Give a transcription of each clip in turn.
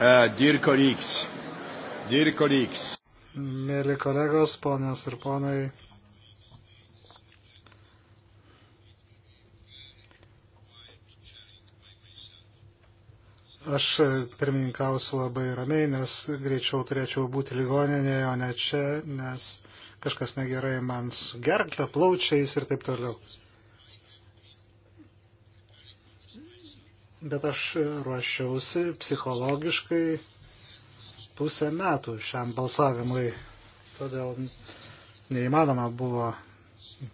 Uh, dear colleagues, dear colleagues. Mėly kolegos, ponios ir ponai. Aš pirmininkausiu labai ramiai, nes greičiau turėčiau būti ligoninėje, o ne čia, nes kažkas negerai man su gerklio plaučiais ir taip toliau. bet aš ruošiausi psichologiškai pusę metų šiam balsavimui. Todėl neįmanoma buvo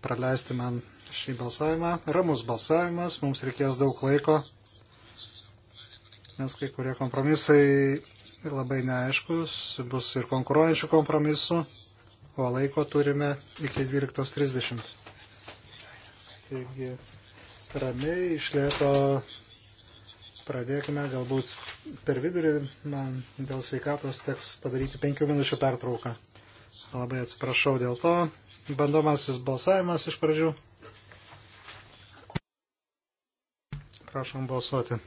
praleisti man šį balsavimą. Ramus balsavimas, mums reikės daug laiko, nes kai kurie kompromisai labai neaiškus, bus ir konkuruojančių kompromisų, o laiko turime iki 12.30. Taigi, ramiai išlėto Pradėkime galbūt per vidurį, man dėl sveikatos teks padaryti penkių minučių pertrauką. Labai atsiprašau dėl to. Bandomasis balsavimas iš pradžių. Prašom balsuoti.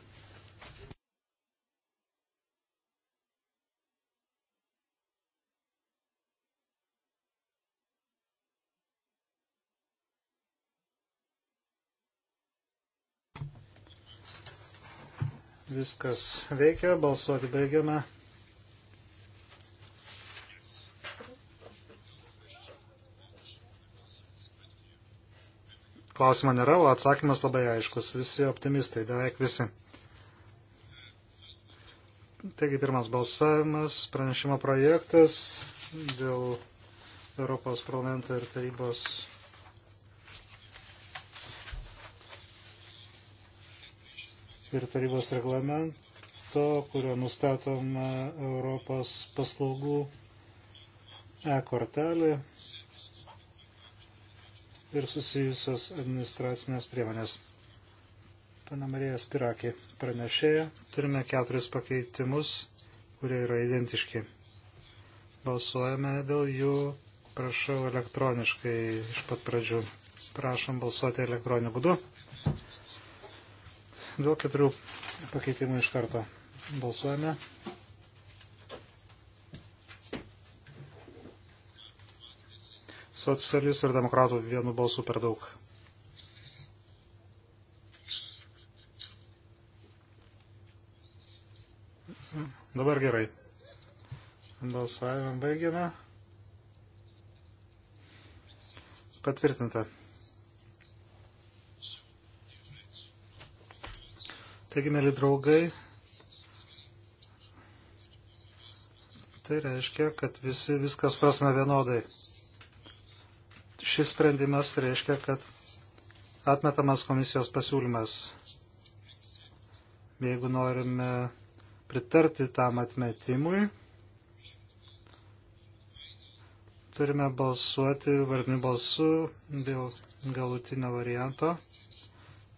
Viskas veikia, balsuoti baigiame. Klausimo nėra, o atsakymas labai aiškus. Visi optimistai, beveik visi. Taigi pirmas balsavimas, pranešimo projektas dėl Europos parlamento ir tarybos ir tarybos reglamento, kurio nustatoma Europos paslaugų e-kortelė ir susijusios administracinės priemonės. Pana Marija Spirakė pranešėja. Turime keturis pakeitimus, kurie yra identiški. Balsuojame dėl jų, prašau, elektroniškai iš pat pradžių. Prašom balsuoti elektroniniu būdu. Dėl keturių pakeitimų iš karto balsuojame. Socialis ir demokratų vienu balsu per daug. Dabar gerai. Balsavimą baigiame. Patvirtinta. Taigi, mėly draugai, tai reiškia, kad visi viskas prasme vienodai. Šis sprendimas reiškia, kad atmetamas komisijos pasiūlymas. Jeigu norime pritarti tam atmetimui, turime balsuoti vardiniu balsu dėl galutinio varianto.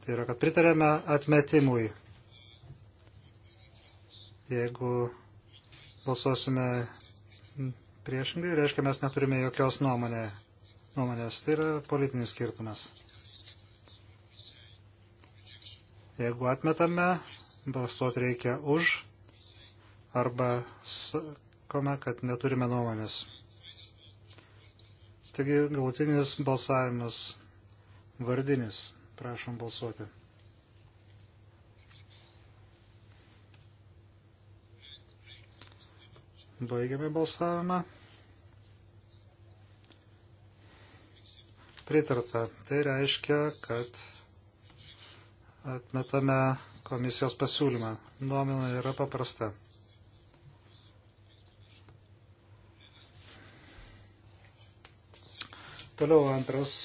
Tai yra, kad pritarėme atmetimui. Jeigu balsuosime priešingai, reiškia, mes neturime jokios nuomonė, nuomonės. Tai yra politinis skirtumas. Jeigu atmetame, balsuoti reikia už arba sakome, kad neturime nuomonės. Taigi galutinis balsavimas vardinis. Prašom balsuoti. Baigiame balsavimą. Pritarta. Tai reiškia, kad atmetame komisijos pasiūlymą. Nuomonė yra paprasta. Toliau antras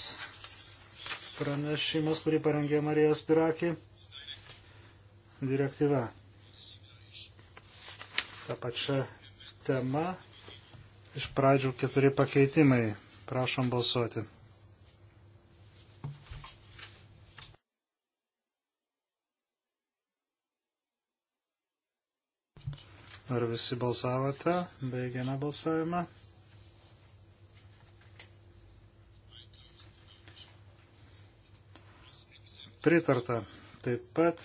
pranešimas, kurį parengė Marija Spirakė. Direktyva. Ta pačia tema. Iš pradžių keturi pakeitimai. Prašom balsuoti. Ar visi balsavote? Baigiame balsavimą. Pritarta. Taip pat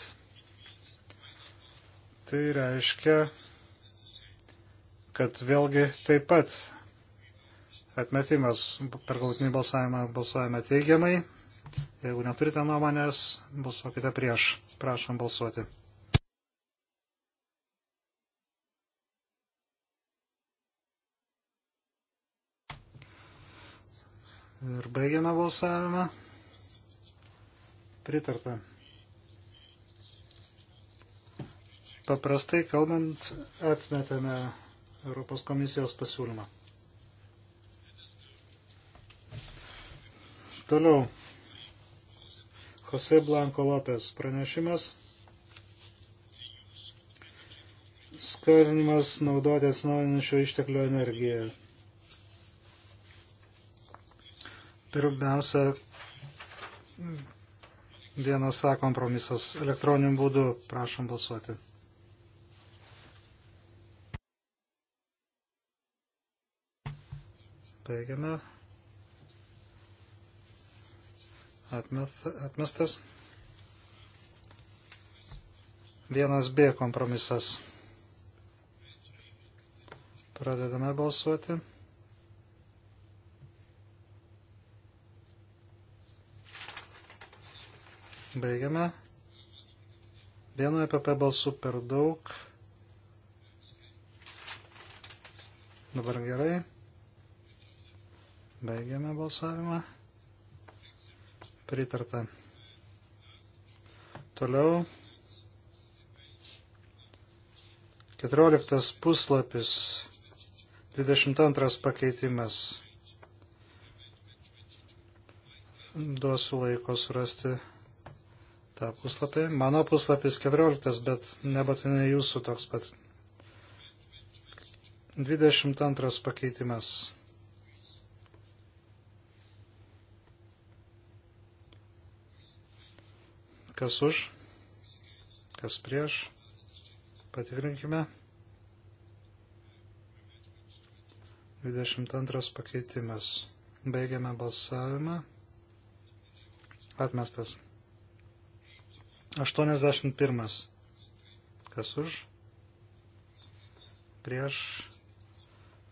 tai reiškia, kad vėlgi taip pat atmetimas per galutinį balsavimą balsuojame teigiamai. Jeigu neturite nuomonės, balsuokite prieš. Prašom balsuoti. Ir baigiame balsavimą. Pritarta. Paprastai kalbant, atmetame Europos komisijos pasiūlymą. Toliau. Jose Blanko Lopes pranešimas. Skarinimas naudoti atsinaujinančio išteklio energiją. Pirmiausia, vienas A kompromisas elektroniniu būdu prašom balsuoti. Baigiame. Atmestas. 1B kompromisas. Pradedame balsuoti. Baigiame. Vienu EPP balsu per daug. Dabar gerai. Baigiame balsavimą. Pritarta. Toliau. 14 puslapis. 22 pakeitimas. Duosiu laiko surasti tą puslapį. Mano puslapis 14, bet nebūtinai jūsų toks pat. 22 pakeitimas. Kas už? Kas prieš? Patikrinkime. 22 pakeitimas. Baigiame balsavimą. Atmestas. 81. Kas už? Prieš.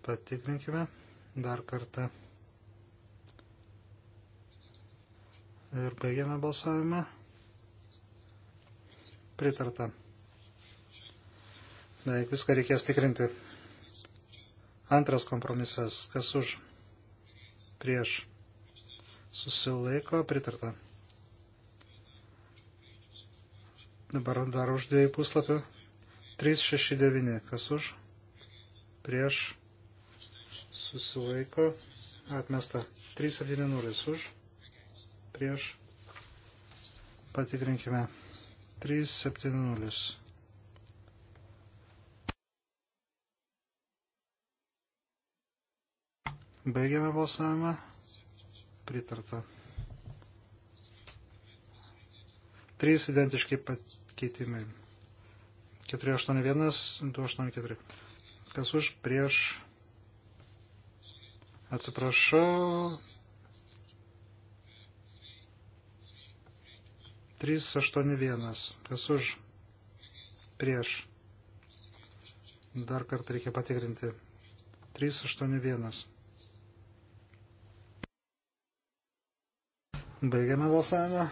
Patikrinkime dar kartą. Ir baigiame balsavimą pritarta. Beveik viską reikės tikrinti. Antras kompromisas. Kas už? Prieš. Susilaiko. Pritarta. Dabar dar už dviejų puslapių. 369. Kas už? Prieš. Susilaiko. Atmesta. 370 už. Prieš. Patikrinkime. 370. Baigiame balsavimą. Pritarta. Trys identiški pakeitimai. 481, 284. Kas už prieš? Atsiprašau, 381. Kas už? Prieš. Dar kartą reikia patikrinti. 381. Baigiame balsavimą.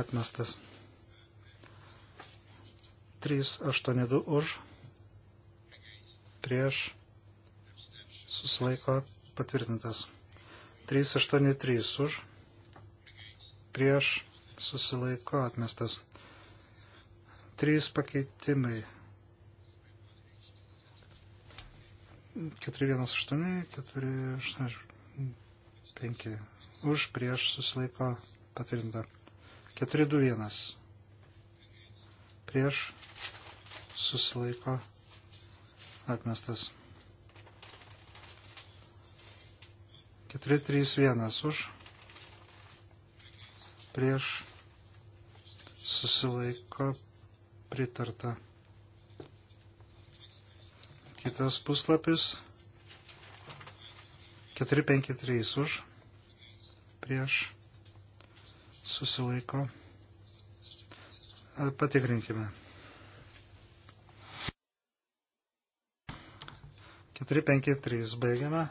Atmestas. 382 už. Prieš. Susilaiko patvirtintas. 383 už prieš susilaiko atmestas. Trys pakeitimai. 418, 485. Už prieš susilaiko patvirtinta. 421. Prieš susilaiko atmestas. 431 už prieš susilaiko pritarta. Kitas puslapis 453 už prieš susilaiko. Patikrinkime. 453 baigiame.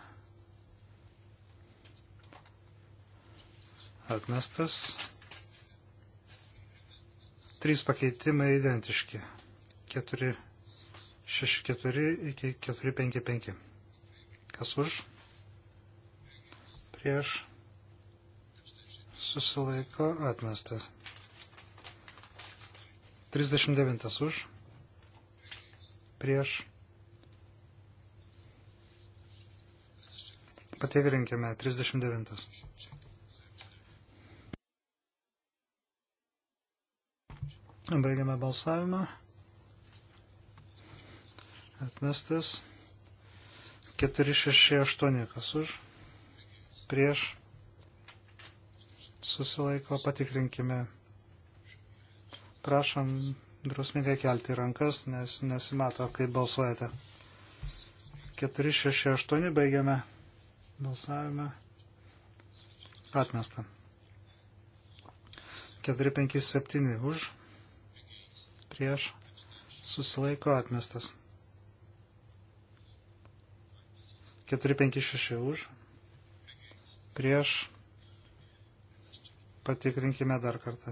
Atmestas. Trys pakeitimai identiški. 4, 6, 4 iki 4, 5, 5. Kas už? Prieš. Susilaiko atmesta. 39 už. Prieš. Patikrinkime 39. Baigiame balsavimą. Atmestas. 468 kas už. Prieš. Susilaiko patikrinkime. Prašom drusmingai kelti rankas, nes nesimato, kaip balsuojate. 468 baigiame balsavimą. Atmesta. 457 už prieš susilaiko atmestas. 456 už prieš patikrinkime dar kartą.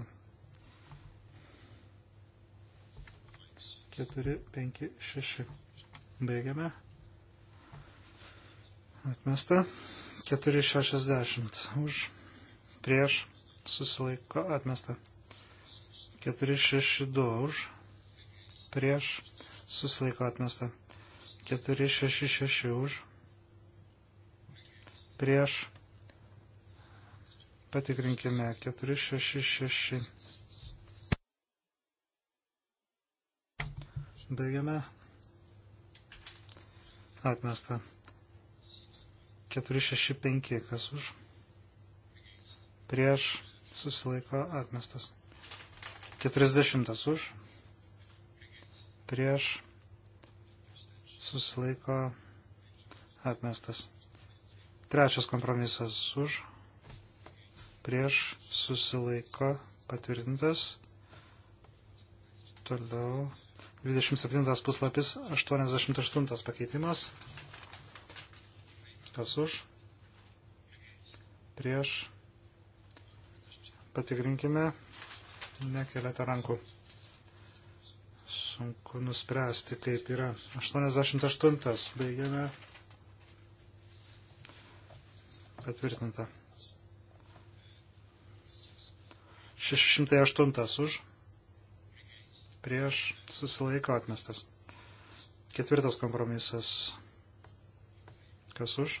4, 5, 6. Baigiame. Atmesta. 4,60 už prieš susilaiko atmesta. 4,62 už prieš, susilaiko atmesta. 466 už, prieš, patikrinkime, 466. Baigiame. Atmesta. 465, kas už. Prieš susilaiko atmestas. 40 už prieš susilaiko atmestas. Trečias kompromisas už prieš susilaiko patvirtintas. Toliau 27 puslapis 88 pakeitimas. Kas už? Prieš. Patikrinkime. Nekeliate rankų sunku nuspręsti, kaip yra. 88 baigiame. Patvirtinta. 608 už. Prieš susilaiko atmestas. Ketvirtas kompromisas. Kas už?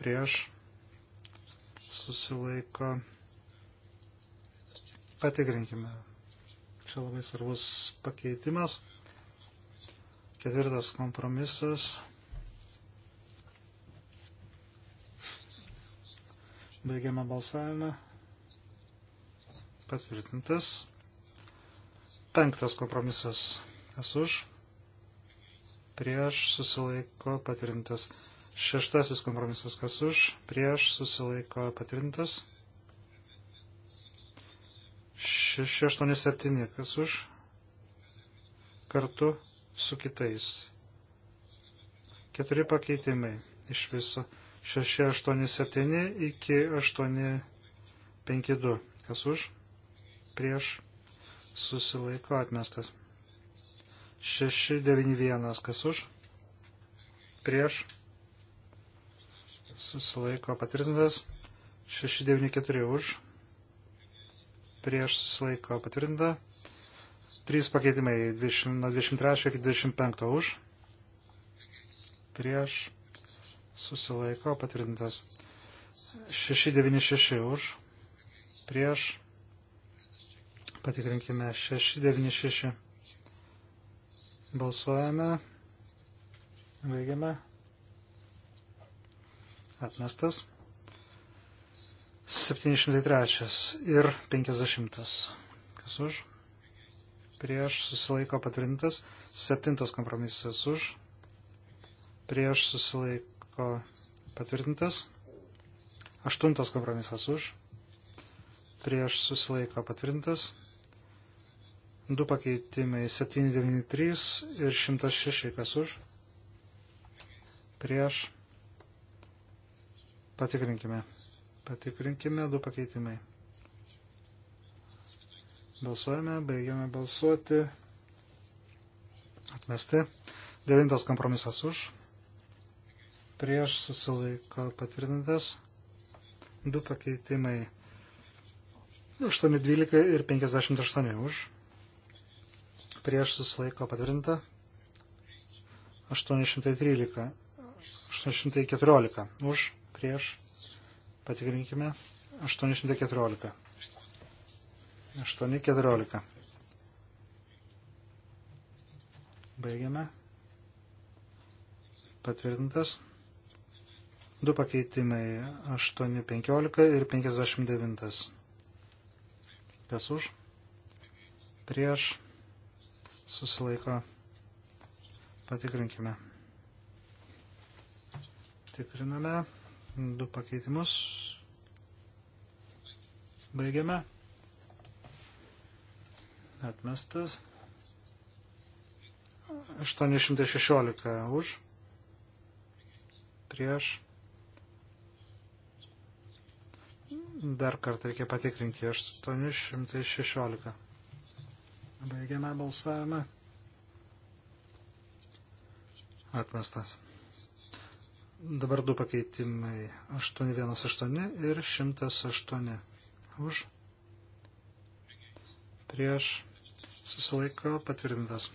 Prieš susilaiko. Patikrinkime. Čia labai svarbus pakeitimas. Ketvirtas kompromisas. Baigiame balsavimą. Patvirtintas. Penktas kompromisas. Esu už. Prieš susilaiko patvirtintas. Šeštasis kompromisas. Kas už. Prieš susilaiko patvirtintas. 687, kas už, kartu su kitais. Keturi pakeitimai iš viso. 687 iki 852, kas už, prieš, susilaiko atmestas. 691, kas už, prieš, susilaiko patvirtintas. 694 už prieš susilaiko patvirtinta. Trys pakeitimai 20, nuo 23 iki 25 už, prieš susilaiko patvirtintas. 696 už, prieš patikrinkime 696. Balsuojame, baigiame. Atmestas. 703 ir 50. Kas už? Prieš susilaiko patvirtintas. 7 kompromisas už. Prieš susilaiko patvirtintas. 8 kompromisas už. Prieš susilaiko patvirtintas. Du pakeitimai 793 ir 106 kas už. Prieš. Patikrinkime. Patikrinkime du pakeitimai. Balsuojame, baigiame balsuoti. Atmesti. Devintas kompromisas už. Prieš susilaiko patvirtintas. Du pakeitimai. 8.12 ir 58 už. Prieš susilaiko patvirtinta. 813. 814 už. Prieš Patikrinkime. 814. 814. Baigiame. Patvirtintas. Du pakeitimai 8.15 ir 59. Kas už? Prieš. Susilaiko. Patikrinkime. Tikriname du pakeitimus. Baigiame. Atmestas. 816 už. Prieš. Dar kartą reikia patikrinti. 816. Baigiame balsavimą. Atmestas. Dabar du pakeitimai. 818 ir 108. Už. Prieš. Susilaiko patvirtintas.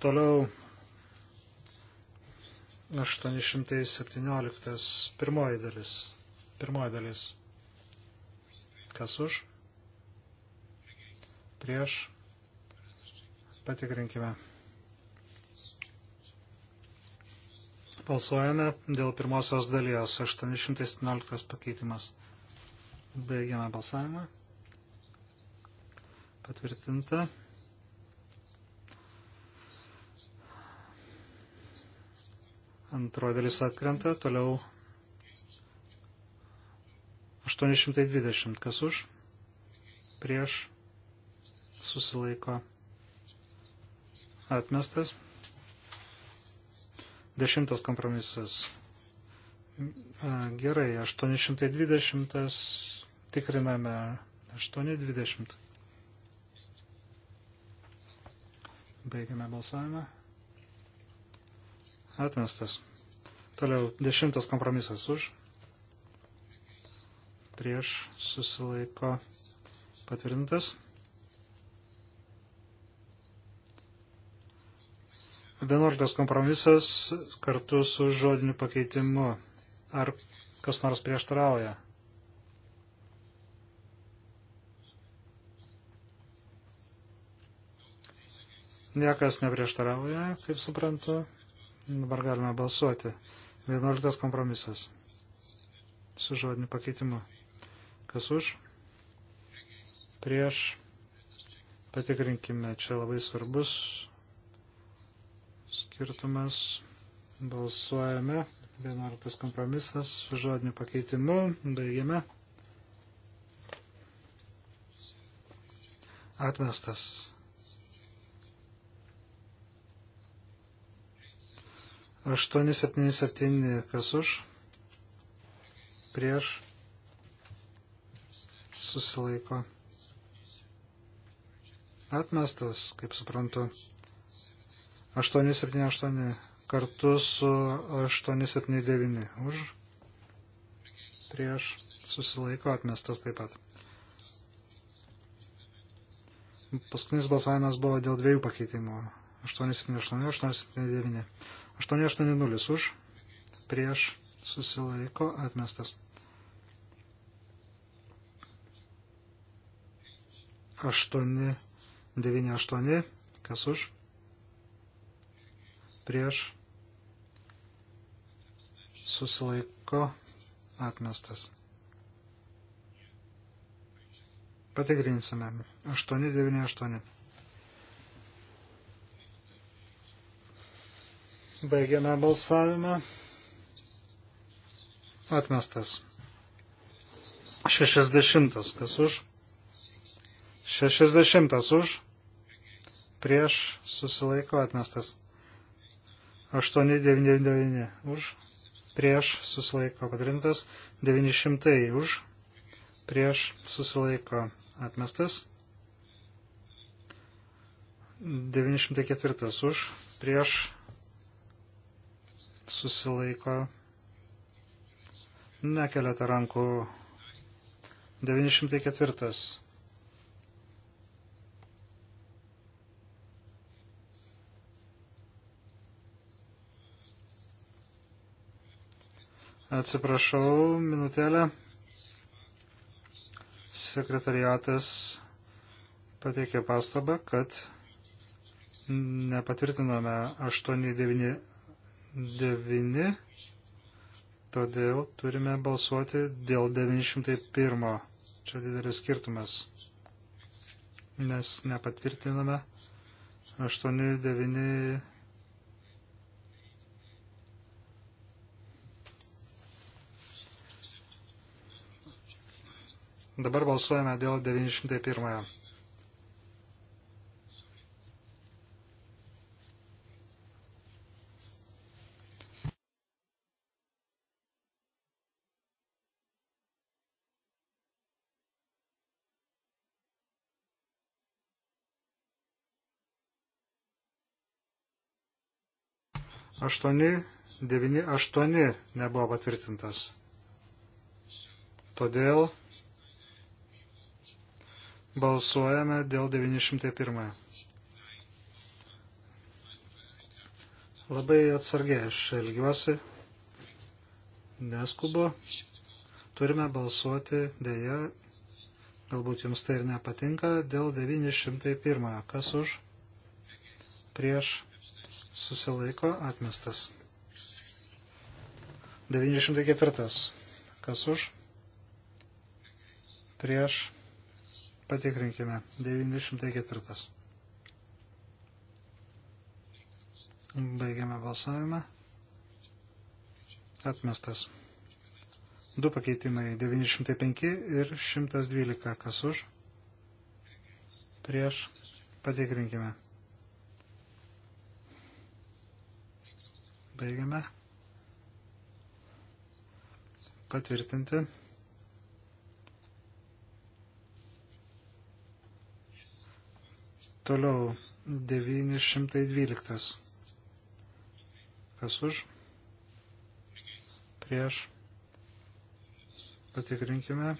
Toliau 817. Pirmoji dalis. Pirmoji dalis. Kas už? prieš, patikrinkime. Balsuojame dėl pirmosios dalies 817 pakeitimas. Baigiame balsavimą. Patvirtinta. Antroji dalis atkrenta, toliau 820, kas už, prieš, susilaiko atmestas. Dešimtas kompromisas. Gerai, 820 tikriname 820. Baigiame balsavimą. Atmestas. Toliau dešimtas kompromisas už. Prieš susilaiko patvirtintas. 11 kompromisas kartu su žodiniu pakeitimu. Ar kas nors prieštarauja? Niekas neprieštarauja, kaip suprantu. Dabar galime balsuoti. 11 kompromisas su žodiniu pakeitimu. Kas už? Prieš. Patikrinkime, čia labai svarbus skirtumas. Balsuojame. 11 kompromisas su žodiniu pakeitimu. Baigiame. Atmestas. Aštuoni septyni septyni kas už. Prieš. Susilaiko. Atmestas, kaip suprantu. 878 kartu su 879 už prieš susilaiko atmestas taip pat. Paskutinis balsavimas buvo dėl dviejų pakeitimų. 878, 879. 880 už, prieš susilaiko atmestas. 898, kas už, prieš susilaiko atmestas. Patikrinsime. 898. Baigiame balsavimą. Atmestas. 60. Kas už? 60 už. Prieš susilaiko atmestas. 899 už, prieš susilaiko patrintas, 900 už, prieš susilaiko atmestas, 904 už, prieš susilaiko nekeliate rankų 904. Atsiprašau, minutėlę. Sekretariatas pateikė pastabą, kad nepatvirtinome 899, todėl turime balsuoti dėl 901. Čia didelis skirtumas, nes nepatvirtinome 899. Dabar balsuojame dėl 901. Aštuoni, devyni, aštuoni nebuvo patvirtintas. Todėl Balsuojame dėl 901. Labai atsargiai aš elgiuosi, neskubu. Turime balsuoti dėja, galbūt jums tai ir nepatinka, dėl 901. Kas už? Prieš susilaiko atmestas. 904. Kas už? Prieš Patikrinkime. 904. Baigiame balsavimą. Atmestas. Du pakeitimai. 905 ir 112. Kas už? Prieš. Patikrinkime. Baigiame. Patvirtinti. Toliau 912. Kas už? Prieš. Patikrinkime.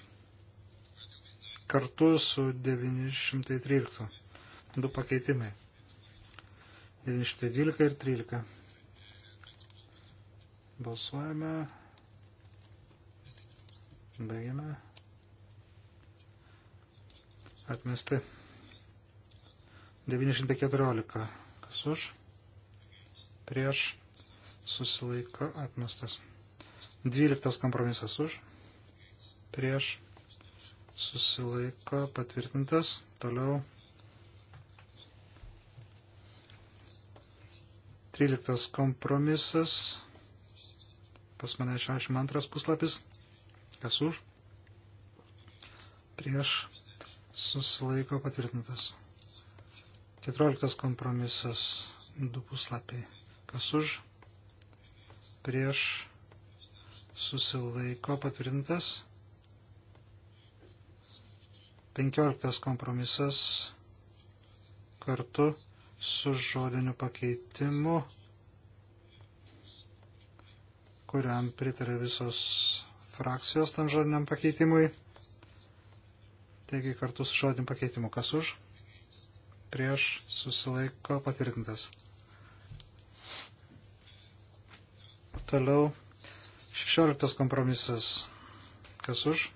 Kartu su 913. Du pakeitimai. 912 ir 13. Balsuojame. Baigiame. Atmesti. 914. Kas už? Prieš susilaiko atmestas. 12 kompromisas už. Prieš susilaiko patvirtintas. Toliau 13 kompromisas, pas mane 62 puslapis, kas už, prieš, susilaiko patvirtintas. 14 kompromisas, du puslapiai. Kas už, prieš, susilaiko patvirtintas. 15 kompromisas kartu su žodiniu pakeitimu, kuriam pritarė visos frakcijos tam žodiniam pakeitimui. Taigi kartu su žodiniu pakeitimu, kas už? prieš susilaiko patvirtintas. Toliau 16 kompromisas. Kas už?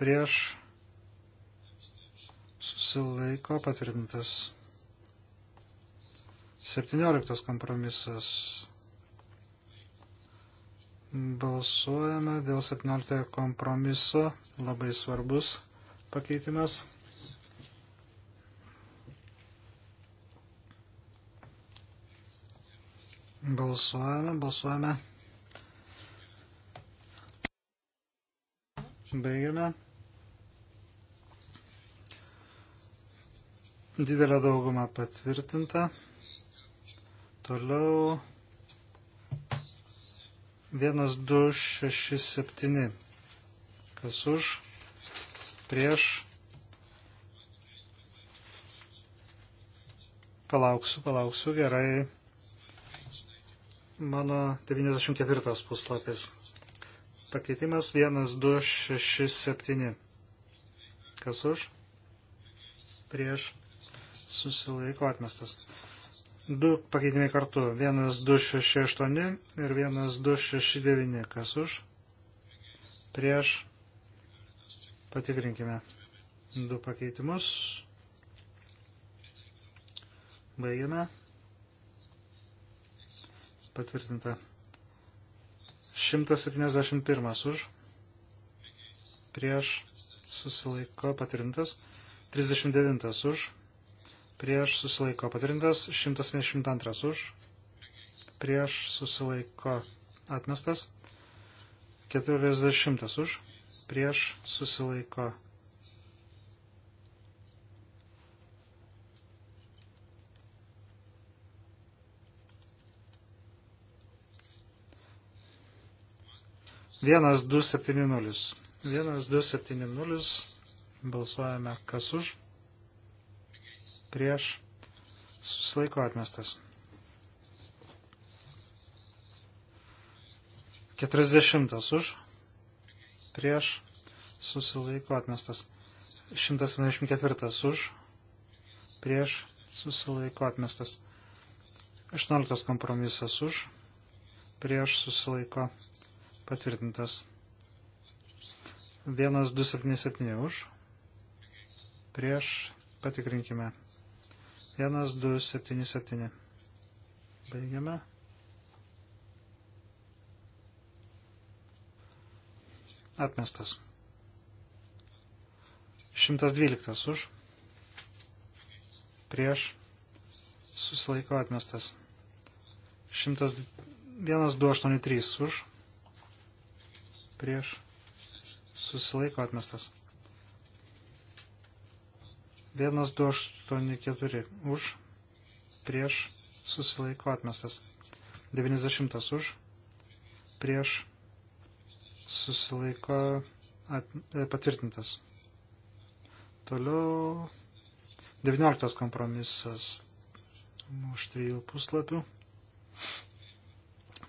Prieš susilaiko patvirtintas. 17 kompromisas. Balsuojame dėl 17 kompromiso. Labai svarbus pakeitimas. Balsuojame, balsuojame. Baigiame. Didelė dauguma patvirtinta. Toliau 1, 2, 6, 7. Kas už, prieš. Palauksiu, palauksiu, gerai mano 94 puslapis. Pakeitimas 1267. Kas už? Prieš susilaiko atmestas. Du pakeitimai kartu. 1268 ir 1269. Kas už? Prieš patikrinkime du pakeitimus. Baigiame patvirtinta. 171 už, prieš susilaiko patvirtintas. 39 už, prieš susilaiko patvirtintas. 172 už, prieš susilaiko atmestas. 40 už, prieš susilaiko atmestas. 1270. 1270 balsuojame kas už, prieš, susilaiko atmestas. 40 už, prieš, susilaiko atmestas. 174 už, prieš, susilaiko atmestas. 18 kompromisas už, prieš, susilaiko atmestas patvirtintas. 1277 už, prieš, patikrinkime. 1277. Baigiame. Atmestas. 112 už, prieš, susilaiko atmestas. 1283 už, prieš susilaiko atmestas. 1284 už prieš susilaiko atmestas. 90 už prieš susilaiko at, e, patvirtintas. Toliau 19 kompromisas už trijų puslapių.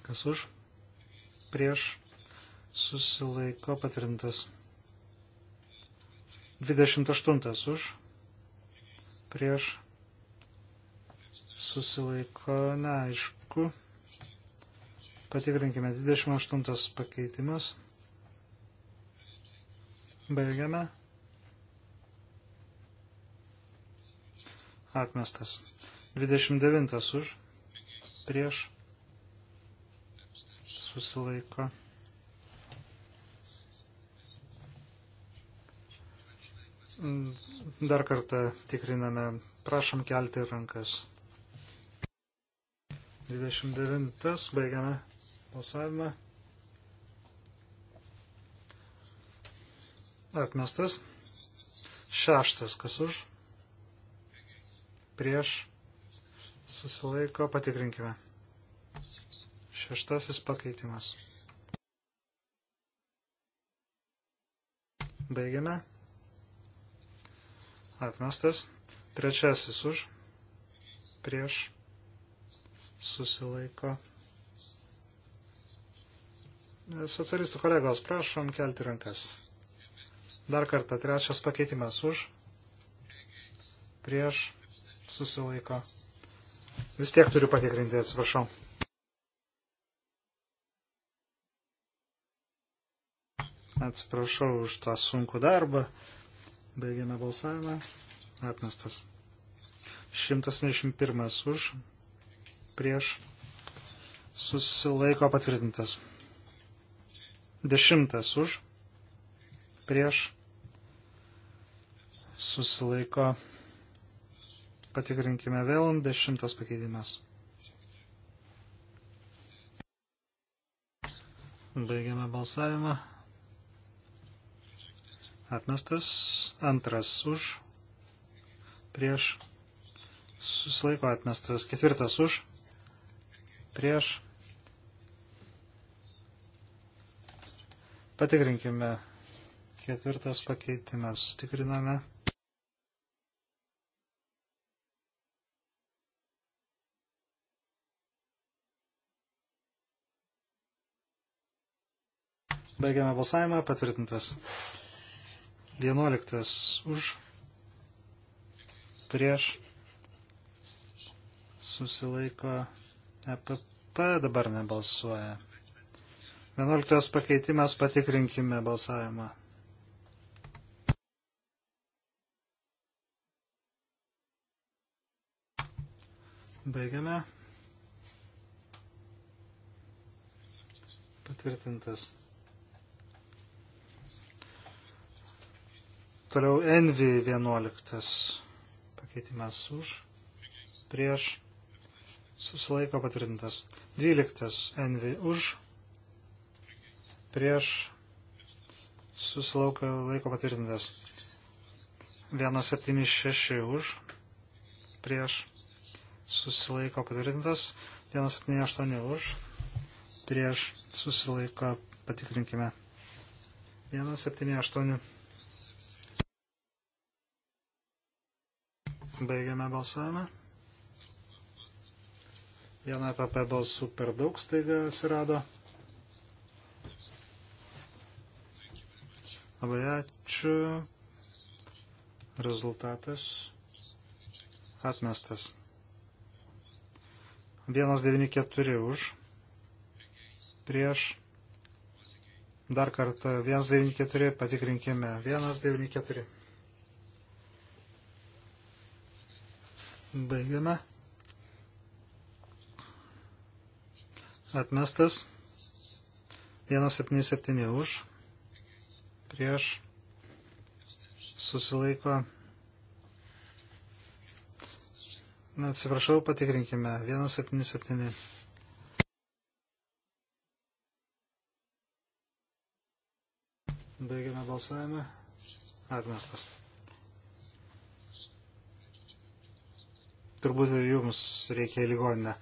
Kas už? Prieš susilaiko patvirtintas. 28 už, prieš susilaiko neaišku. Patikrinkime 28 pakeitimas. Baigiame. Atmestas. 29 už, prieš susilaiko neaišku Dar kartą tikriname. Prašom kelti rankas. 29. Baigiame balsavimą. Atmestas. Šeštas. Kas už? Prieš. Susilaiko. Patikrinkime. Šeštasis pakeitimas. Baigiame atmestas. Trečiasis už, prieš, susilaiko. Socialistų kolegos, prašom kelti rankas. Dar kartą, trečias pakeitimas už, prieš, susilaiko. Vis tiek turiu patikrinti, atsiprašau. Atsiprašau už tą sunkų darbą. Baigiame balsavimą. Atmestas. 121 už. Prieš. Susilaiko patvirtintas. 10 už. Prieš. Susilaiko. Patikrinkime vėl. 10 pakeitimas. Baigiame balsavimą atmestas, antras už, prieš, susilaiko atmestas, ketvirtas už, prieš. Patikrinkime, ketvirtas pakeitimas, tikriname. Baigiame balsavimą, patvirtintas. 11 už, prieš, susilaiko EPP dabar nebalsuoja. 11 pakeitimas patikrinkime balsavimą. Baigiame. Patvirtintas. Toliau Envy 11 pakeitimas už, prieš, susilaiko patvirtintas. 12 Envy už, prieš, susilaiko laiko patvirtintas. 176 už, prieš, susilaiko patvirtintas. 178 už, prieš, susilaiko patikrinkime. 178. Baigiame balsavimą. Viena PP balsų per daug staiga atsirado. Labai ačiū. Rezultatas atmestas. 194 už. Prieš. Dar kartą 194 patikrinkime. 194. Baigiame. Atmestas. 177 už. Prieš. Susilaiko. Na, atsiprašau, patikrinkime. 177. Baigiame balsavimą. Atmestas. turbūt ir jums reikia į ligoninę.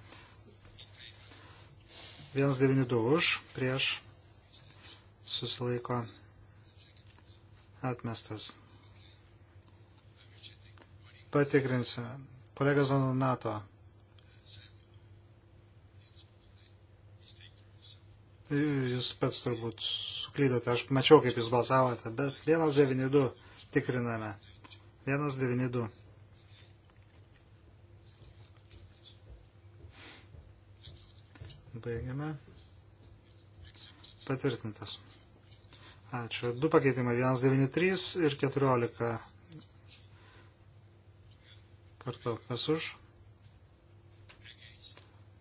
192 už, prieš, susilaiko, atmestas. Patikrinsime. Kolega Zanonato. Jūs pats turbūt suklydote, aš mačiau, kaip jūs balsavote, bet 192 tikriname. 192. Baigiame. Patvirtintas. Ačiū. Du pakeitimai. 193 ir 14. Kartu. Kas už?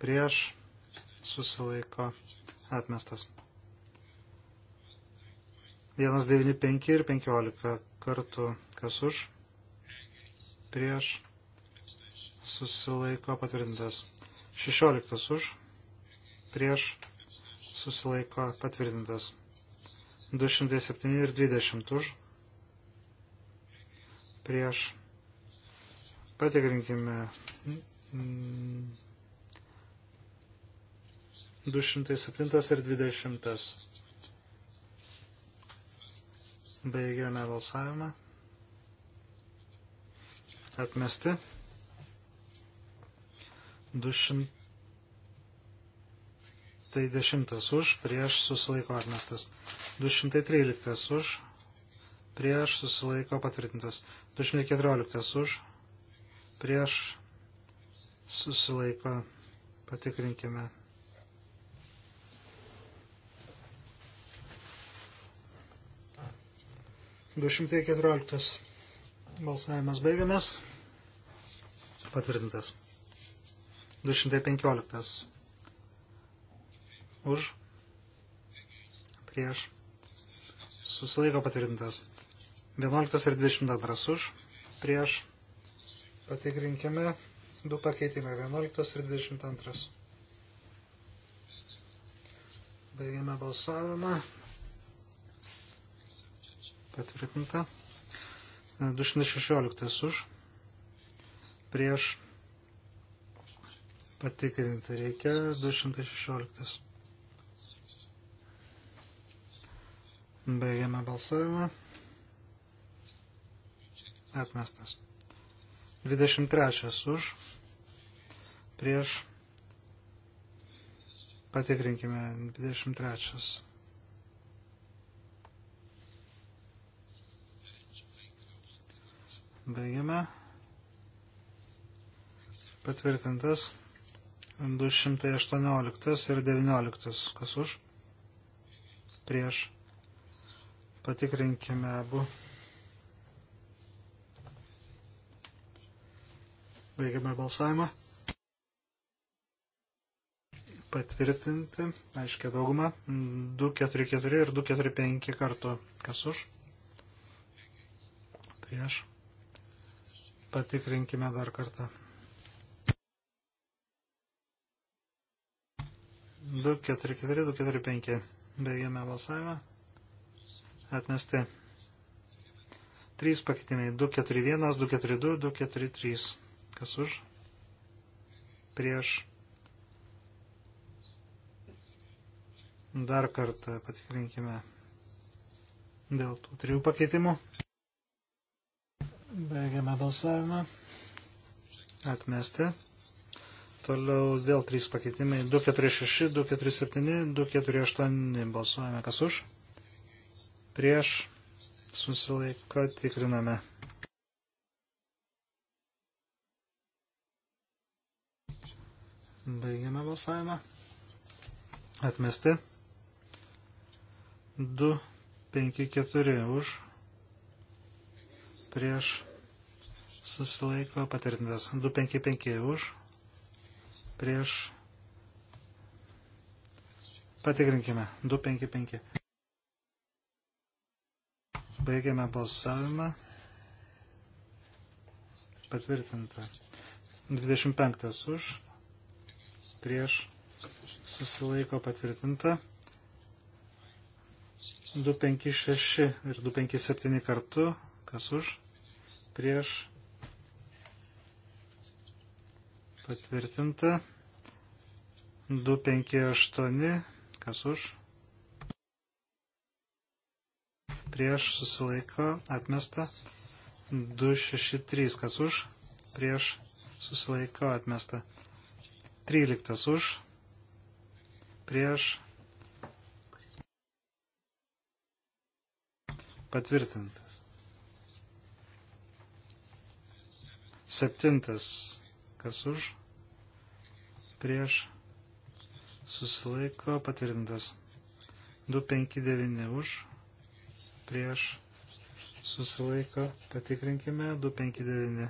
Prieš. Susilaiko. Atmestas. 195 ir 15 kartų kas už, prieš, susilaiko patvirtintas. 16 už, prieš susilaiko patvirtintas. 207 ir 20 už prieš patikrinkime 207 ir 20. Baigiame balsavimą. Atmesti. 200. 210 už, prieš susilaiko atmestas. 213 už, prieš susilaiko patvirtintas. 214 už, prieš susilaiko patikrinkime. Du šimtai keturioliktas balsavimas baigiamas. Patvirtintas. Du šimtai penkioliktas už, prieš, susilaiko patvirtintas. 11 ir 22 už, prieš, patikrinkime, du pakeitimai, 11 ir 22. Baigėme balsavimą. Patvirtinta. 216 už. Prieš patikrinti reikia 216. Baigiame balsavimą. Atmestas. 23 už. Prieš. Patikrinkime 23. Baigiame. Patvirtintas 218 ir 19. Kas už? Prieš Patikrinkime abu. Baigiame balsavimą. Patvirtinti, aiškia daugumą, 244 ir 245 kartų. Kas už? Prieš. Patikrinkime dar kartą. 244, 245. Baigiame balsavimą atmesti. 3 pakeitimai 241, 242, 243. Kas už? Prieš. Dar kartą patikrinkime dėl tų trijų pakeitimų. Baigiame balsavimą. Atmesti. Toliau vėl trys pakeitimai. 246, 247, 248 balsuojame. Kas už? prieš susilaiko tikriname. Baigiame balsavimą. Atmesti. 2, 5, 4 už. Prieš susilaiko patvirtintas. 2, 5, 5 už. Prieš. Patikrinkime. 2, 5, 5. Baigėme balsavimą. Patvirtinta. 25 už. Prieš. Susilaiko patvirtinta. 256 ir 257 kartu. Kas už? Prieš. Patvirtinta. 258. Kas už? prieš susilaiko atmesta. 263 kas už, prieš susilaiko atmesta. 13 už, prieš patvirtintas. Septintas, kas už, prieš, susilaiko, patvirtintas. 259 už, prieš susilaiko, patikrinkime 259.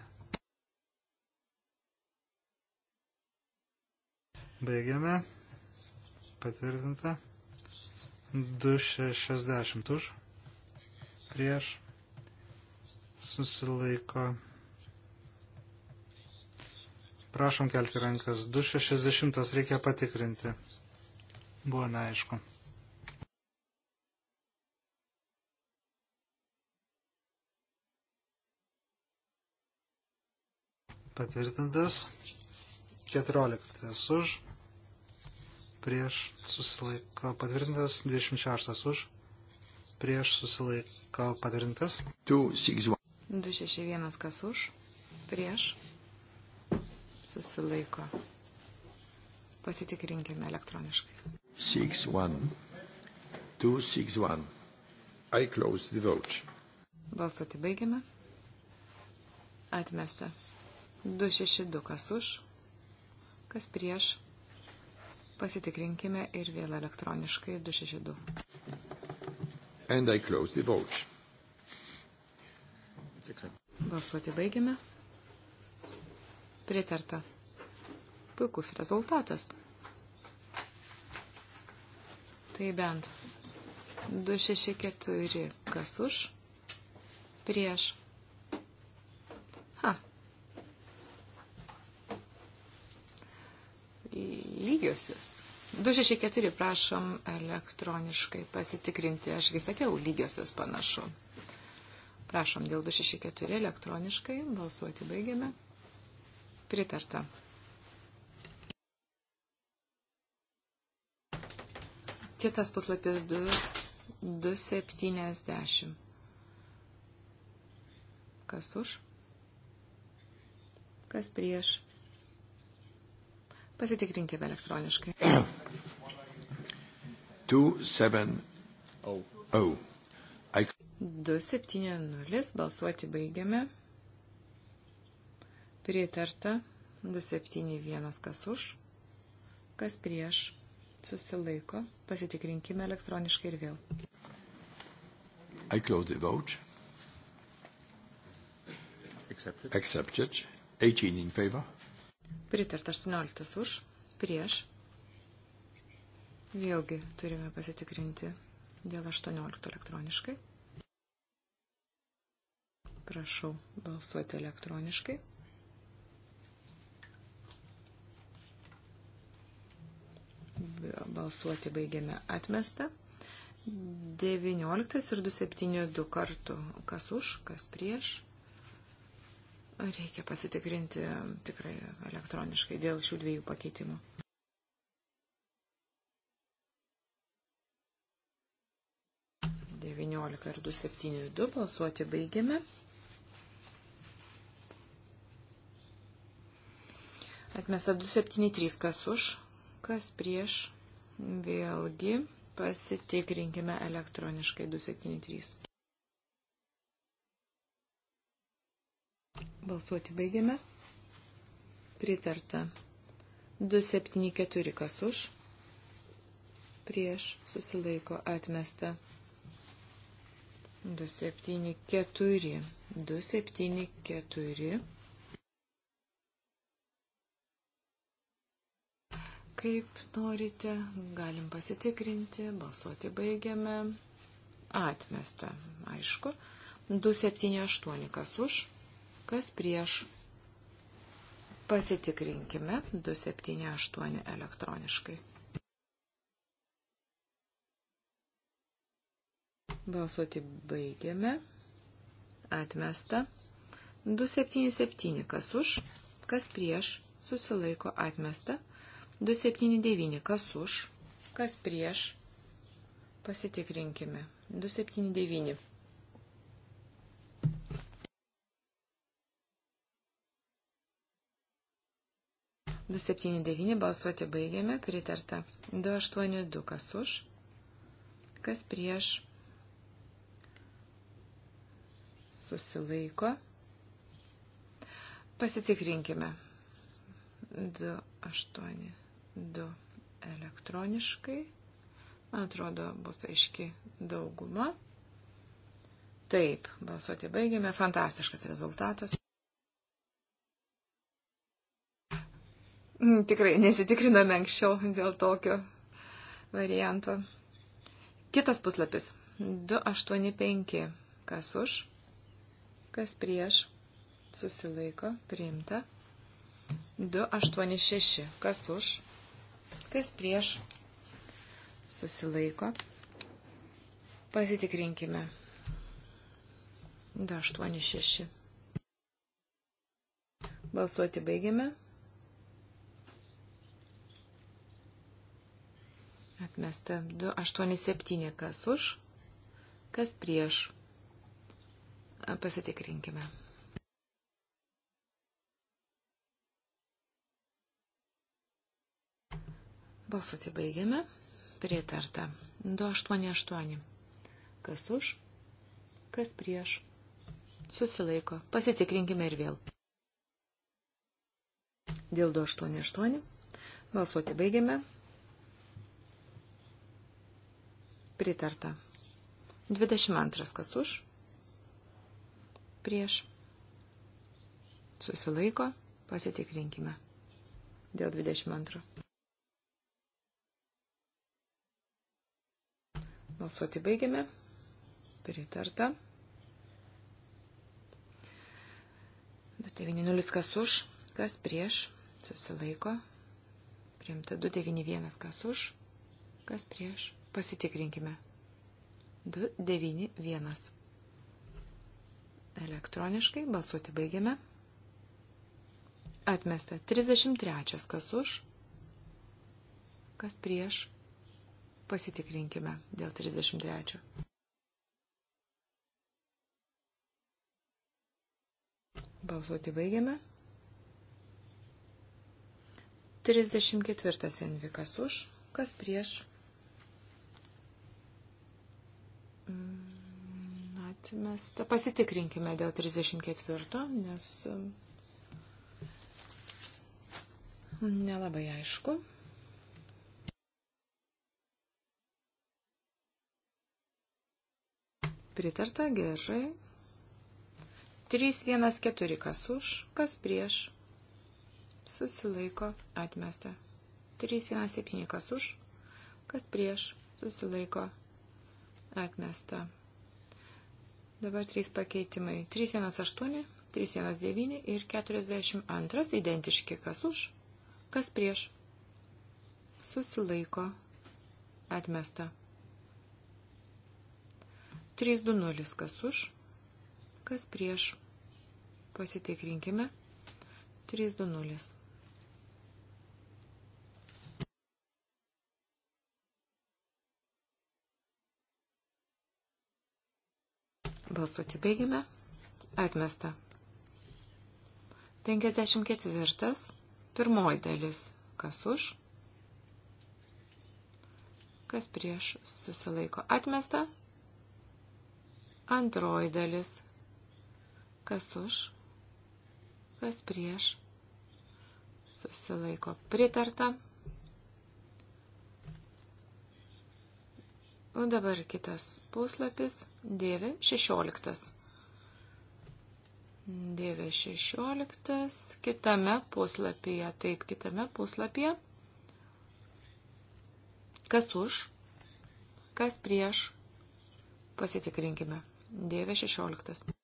Baigiame. Patvirtinta. 260 už. Prieš. Susilaiko. Prašom kelti rankas. 260 reikia patikrinti. Buvo neaišku. patvirtintas, 14 už, prieš susilaiko patvirtintas, 26 už, prieš susilaiko patvirtintas. 261 kas už, prieš susilaiko. Pasitikrinkime elektroniškai. 61. 261. I close the vote. Balsuoti baigiame. Atmesta. 262 kas už, kas prieš. Pasitikrinkime ir vėl elektroniškai 262. And I close the vote. Balsuoti baigiame. Pritarta. Puikus rezultatas. Tai bent 264 kas už, prieš lygiosios. 264 prašom elektroniškai pasitikrinti, aš vis sakiau, lygiosios panašu. Prašom dėl 264 elektroniškai, balsuoti baigiame. Pritarta. Kitas puslapis 270. Kas už? Kas prieš? Pasitikrinkime elektroniškai. 270. 270. Balsuoti baigiame. Pritarta. 271. Kas už? Kas prieš? Susilaiko. Pasitikrinkime elektroniškai ir vėl. I close the vote. Accepted. Accepted. 18 in favor. Pritarta 18 už, prieš. Vėlgi turime pasitikrinti dėl 18 elektroniškai. Prašau balsuoti elektroniškai. Balsuoti baigiame atmestą. 19 ir 272 kartų. Kas už, kas prieš. Reikia pasitikrinti tikrai elektroniškai dėl šių dviejų pakeitimų. Devyniolika ir du septyni du balsuoti baigiame. Atmesta du septyni trys kas už, kas prieš. Vėlgi pasitikrinkime elektroniškai du septyni trys. Balsuoti baigiame. Pritarta. 274 kas už. Prieš susilaiko atmesta. 274. 274. Kaip norite, galim pasitikrinti, balsuoti baigiame. Atmesta, aišku. 278 kas už Kas prieš? Pasitikrinkime 278 elektroniškai. Balsuoti baigiame. Atmesta. 277 kas už, kas prieš, susilaiko atmesta. 279 kas už, kas prieš, pasitikrinkime. 279. 279 balsuoti baigėme, pritarta. 282 kas už, kas prieš, susilaiko. Pasitikrinkime. 282 elektroniškai. Man atrodo, bus aiški dauguma. Taip, balsuoti baigėme. Fantastiškas rezultatas. Mm, tikrai nesitikriname anksčiau dėl tokio varianto. Kitas puslapis. 285. Kas už? Kas prieš? Susilaiko. Priimta. 286. Kas už? Kas prieš? Susilaiko. Pasitikrinkime. 286. Balsuoti baigiame. atmesta. 287 kas už, kas prieš. Pasitikrinkime. Balsuoti baigiame. Pritarta. 288. Kas už, kas prieš. Susilaiko. Pasitikrinkime ir vėl. Dėl 288. Balsuoti baigiame. Pritarta. 22. Kas už? Prieš. Susilaiko. Pasitikrinkime. Dėl 22. Balsuoti baigiame. Pritarta. 290 kas už, kas prieš, susilaiko. Priimta 291 kas už, kas prieš, Pasitikrinkime. 291. Elektroniškai balsuoti baigiame. Atmesta 33. Kas už? Kas prieš? Pasitikrinkime dėl 33. Balsuoti baigiame. 34. Envikas už, kas prieš? Tai mes tą pasitikrinkime dėl 34, nes um, nelabai aišku. Pritarta gerai. 314 kas už, kas prieš. Susilaiko atmesta. 317 kas už, kas prieš. Susilaiko atmesta. Dabar trys pakeitimai. 318, 319 ir 42 identiški. Kas už, kas prieš. Susilaiko. Atmesta. 320 kas už, kas prieš. Pasitikrinkime. 320. Balsuoti baigime. Atmesta. 54. Pirmoji dalis. Kas už? Kas prieš susilaiko? Atmesta. Antroji dalis. Kas už? Kas prieš susilaiko? Pritarta. O dabar kitas puslapis, dėvė 16. Dėvė 16, kitame puslapyje, taip, kitame puslapyje. Kas už, kas prieš, pasitikrinkime. Dėvė 16.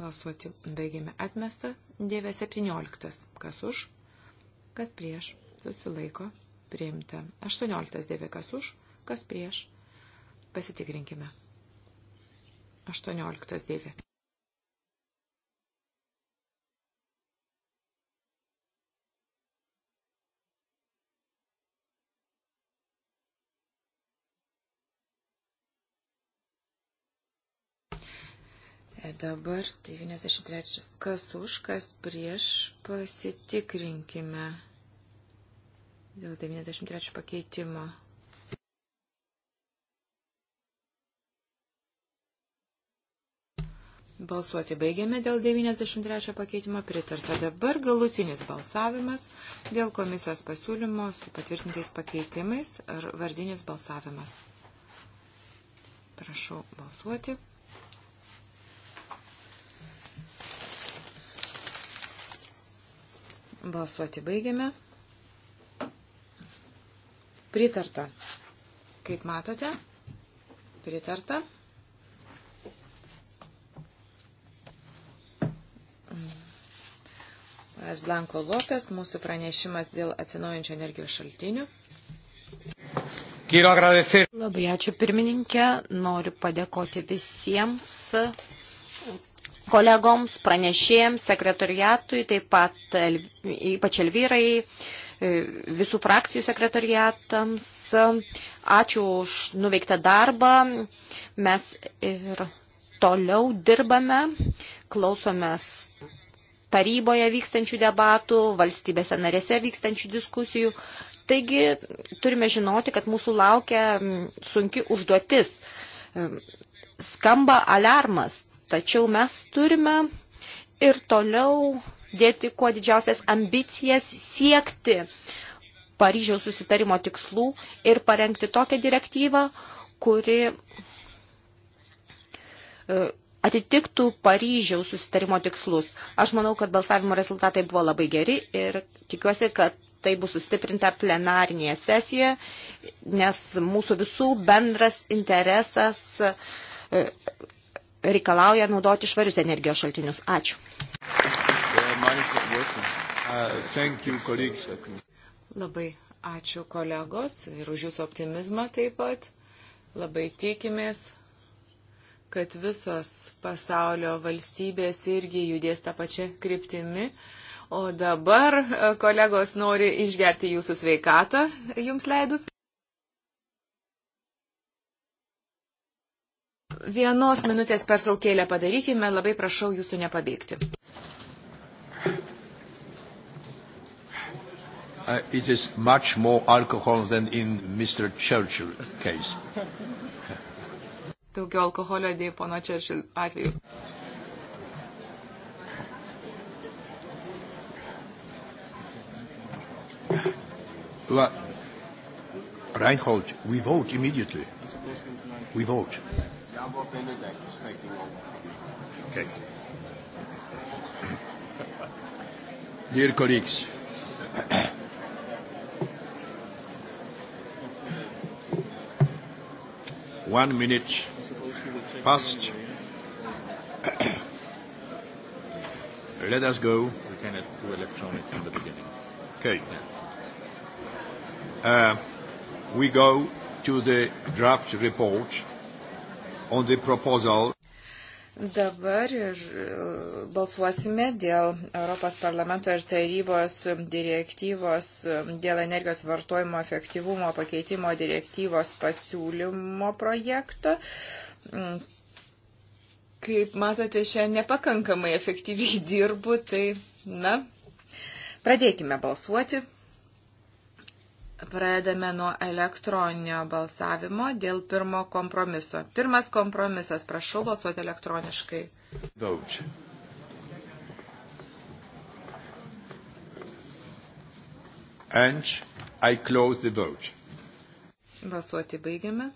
Balsuoti baigėme atmestą. Dėvė 17. Kas už? Kas prieš? Susilaiko. Priimta. 18. Dėvė kas už? Kas prieš? Pasitikrinkime. 18. Dėvė. E dabar 93. Kas už, kas prieš pasitikrinkime dėl 93 pakeitimo. Balsuoti baigiame dėl 93 pakeitimo pritarta. Dabar galutinis balsavimas dėl komisijos pasiūlymo su patvirtintais pakeitimais ar vardinis balsavimas. Prašau balsuoti. Balsuoti baigiame. Pritarta. Kaip matote, pritarta. Es Blanko Lopes, mūsų pranešimas dėl atsinaujančio energijos šaltinių. Labai ačiū pirmininkė, noriu padėkoti visiems kolegoms, pranešėjams, sekretoriatui, taip pat ypač Elvyrai, e, visų frakcijų sekretoriatams. Ačiū už nuveiktą darbą. Mes ir toliau dirbame, klausomės taryboje vykstančių debatų, valstybėse narėse vykstančių diskusijų. Taigi turime žinoti, kad mūsų laukia sunki užduotis. Skamba alarmas, Tačiau mes turime ir toliau dėti kuo didžiausias ambicijas siekti Paryžiaus susitarimo tikslų ir parengti tokią direktyvą, kuri e, atitiktų Paryžiaus susitarimo tikslus. Aš manau, kad balsavimo rezultatai buvo labai geri ir tikiuosi, kad tai bus sustiprinta plenarinėje sesijoje, nes mūsų visų bendras interesas e, reikalauja naudoti švarius energijos šaltinius. Ačiū. Labai ačiū kolegos ir už jūsų optimizmą taip pat. Labai tikimės, kad visos pasaulio valstybės irgi judės tą pačią kryptimį. O dabar kolegos nori išgerti jūsų sveikatą, jums leidus. Vienos minutės pertraukėlę padarykime, labai prašau jūsų nepabėgti. Uh, it is much more alcohol than in Mr. Churchill case. Daugiau alkoholio dėjo pono Churchill atveju. Well, Reinhold, we vote immediately. We vote. Gabor Benedek is taking over. Okay. Dear colleagues, one minute past. Let us go. We cannot do electronic from the beginning. Okay. Yeah. Uh, we go to the draft report Dabar ir e, balsuosime dėl Europos parlamento ir tarybos direktyvos e, dėl energijos vartojimo efektyvumo pakeitimo direktyvos pasiūlymo projekto. Mm, kaip matote, šiandien nepakankamai efektyviai dirbu, tai na, pradėkime balsuoti. Pradedame nuo elektroninio balsavimo dėl pirmo kompromiso. Pirmas kompromisas, prašau balsuoti elektroniškai. Daug. And I close the vote. Balsuoti baigiame.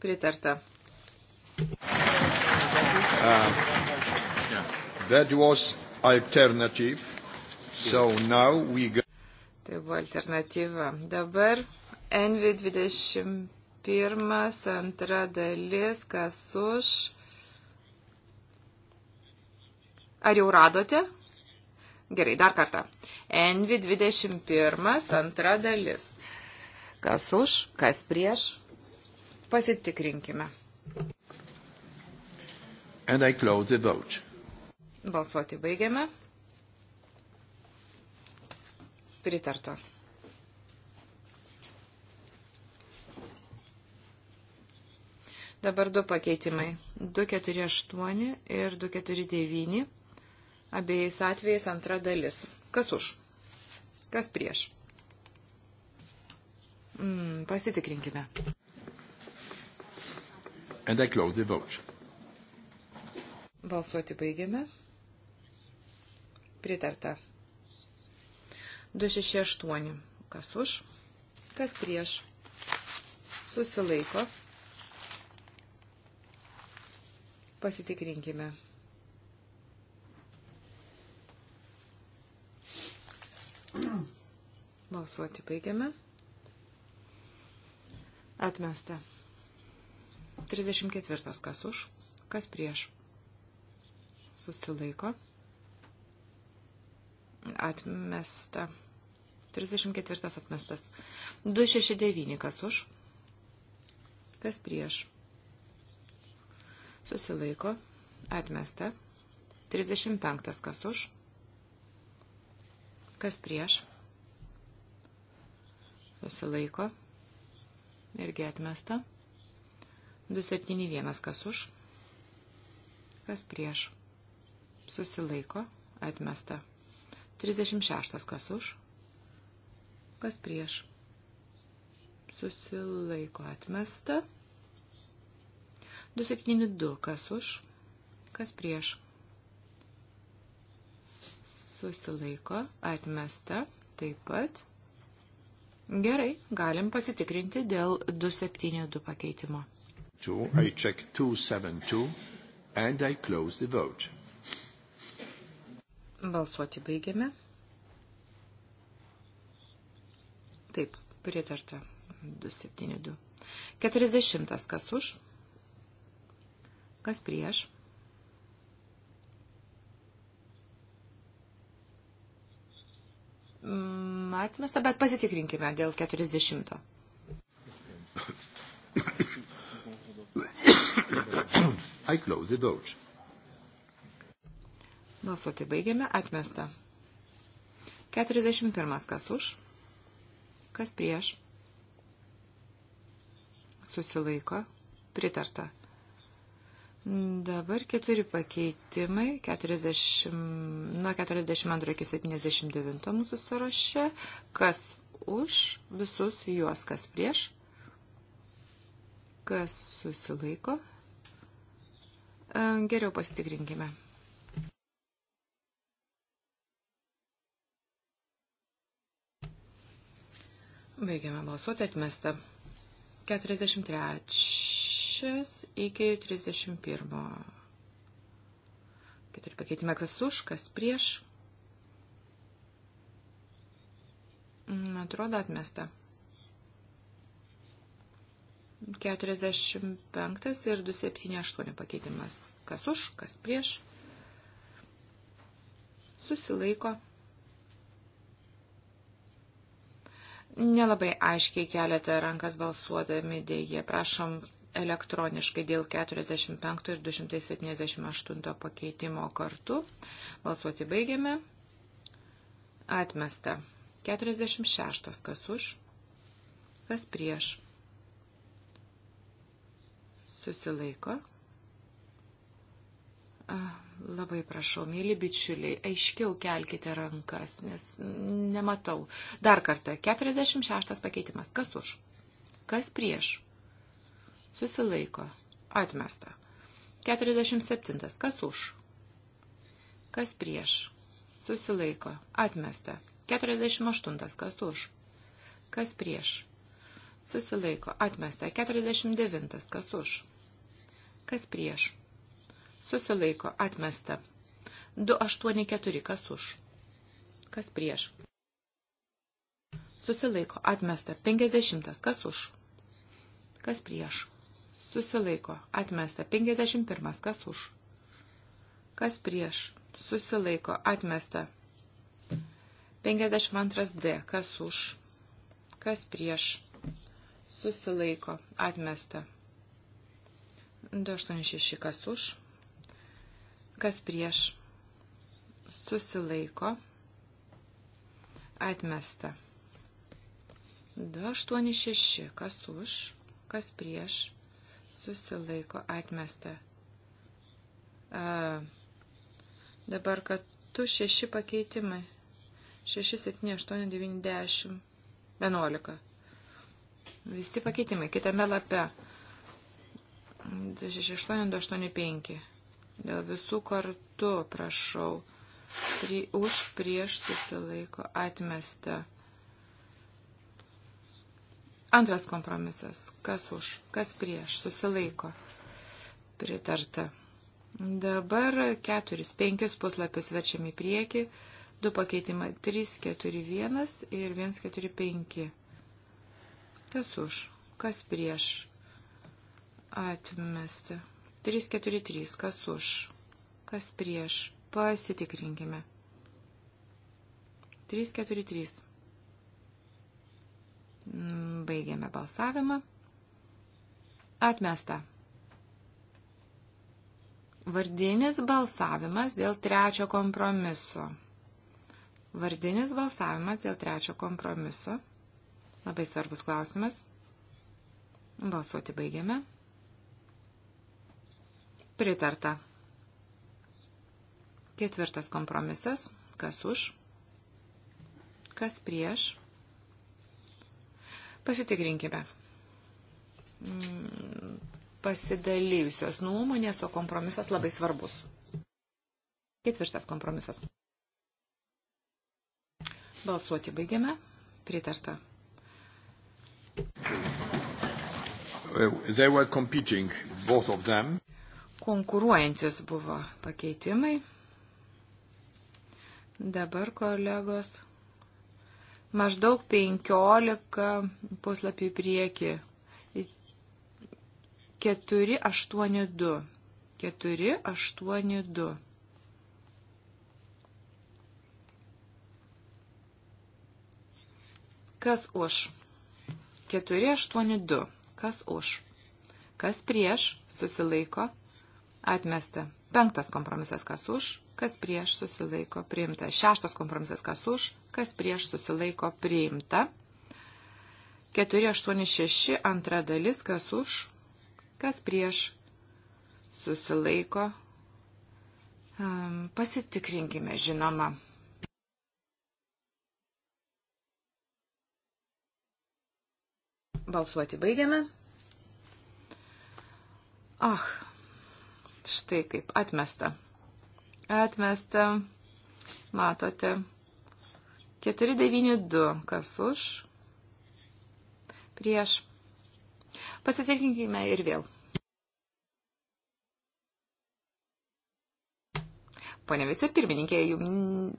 Pritarta. Uh, that was alternative. So now we go. Tai buvo alternatyva. Dabar NV21 antra dalis, kas už. Ar jau radote? Gerai, dar kartą. NV21 antra dalis. Kas už, kas prieš. Pasitikrinkime. Balsuoti baigiame. Pritarta. Dabar du pakeitimai. 248 ir 249. Abiejais atvejais antra dalis. Kas už? Kas prieš? Mm, pasitikrinkime. And I close the vote. Balsuoti baigiame. Pritarta. 268. Kas už, kas prieš. Susilaiko. Pasitikrinkime. Balsuoti baigiame. Atmesta. 34. Kas už, kas prieš. Susilaiko. Atmesta. 34 atmestas. 269 kas už, kas prieš. Susilaiko, atmesta. 35 kas už, kas prieš. Susilaiko, irgi atmesta. 271 kas už, kas prieš. Susilaiko, atmesta. 36 kas už, kas prieš, susilaiko atmesta, 272, kas už, kas prieš, susilaiko atmesta, taip pat, Gerai, galim pasitikrinti dėl 272 pakeitimo. Two, I check 272 and I close the vote. Balsuoti baigiame. Taip, pritarta. 272. 40. Kas už? Kas prieš? Mm, atmesta, bet pasitikrinkime dėl 40. I close the vote. Balsuoti baigiame, atmesta. 41. Kas už? Kas prieš? Susilaiko. Pritarta. Dabar keturi pakeitimai, 40, nuo 42 iki 79 mūsų sąraše, kas už visus juos, kas prieš, kas susilaiko. Geriau pasitikrinkime. Baigiame balsuoti atmestą. 43 iki 31. Keturi pakeitimai, kas už, kas prieš. Mm, atrodo atmesta. 45 ir 278 pakeitimas. Kas už, kas prieš. Susilaiko. Nelabai aiškiai keletą rankas balsuodami dėje. Prašom elektroniškai dėl 45 ir 278 pakeitimo kartu. Balsuoti baigiame. Atmesta. 46. Kas už? Kas prieš? Susilaiko. Labai prašau, mėly bičiuliai, aiškiau kelkite rankas, nes nematau. Dar kartą, 46 pakeitimas. Kas už? Kas prieš? Susilaiko. Atmesta. 47. Kas už? Kas prieš? Susilaiko. Atmesta. 48. Kas už? Kas prieš? Susilaiko. Atmesta. 49. Kas už? Kas prieš? susilaiko, atmesta. 284, kas už, kas prieš, susilaiko, atmesta. 50, kas už, kas prieš, susilaiko, atmesta. 51, kas už, kas prieš, susilaiko, atmesta. 52D, kas už, kas prieš, susilaiko, atmesta. 286, kas už, kas prieš, susilaiko, atmesta. 286, kas už, kas prieš, susilaiko, atmesta. A, dabar, kad tu šeši pakeitimai. 6, 7, 8, 9, 10, 11. Visi pakeitimai kitame lape. 268, 285. Dėl visų kartų prašau. Pri, už prieš susilaiko atmesta. Antras kompromisas. Kas už, kas prieš susilaiko. Pritarta. Dabar keturis, penkis puslapius verčiam į priekį. Du pakeitimai. 3, 4, 1 ir 1, 4, 5. Kas už, kas prieš atmesta. 343. Kas už? Kas prieš? Pasitikrinkime. 343. Mm, baigiame balsavimą. Atmesta. Vardinis balsavimas dėl trečio kompromiso. Vardinis balsavimas dėl trečio kompromiso. Labai svarbus klausimas. Balsuoti baigiame. Pritarta. Ketvirtas kompromisas. Kas už? Kas prieš? Pasitikrinkime. Mm, Pasidalijusios nuomonės, o kompromisas labai svarbus. Ketvirtas kompromisas. Balsuoti baigiame. Pritarta. They were competing, both of them konkuruojantis buvo pakeitimai. Dabar, kolegos, maždaug 15 puslapį prieki. 482. 482. Kas už? 482. Kas už? Kas prieš? Susilaiko? atmesta. Penktas kompromisas kas už, kas prieš susilaiko priimta. Šeštas kompromisas kas už, kas prieš susilaiko priimta. 486 antra dalis kas už, kas prieš susilaiko. Um, pasitikrinkime, žinoma. Balsuoti baigiame. Ach, Štai kaip atmesta. Atmesta. Matote. 492. Kas už? Prieš. Pasitikrinkime ir vėl. Pone vicepirmininkė, jums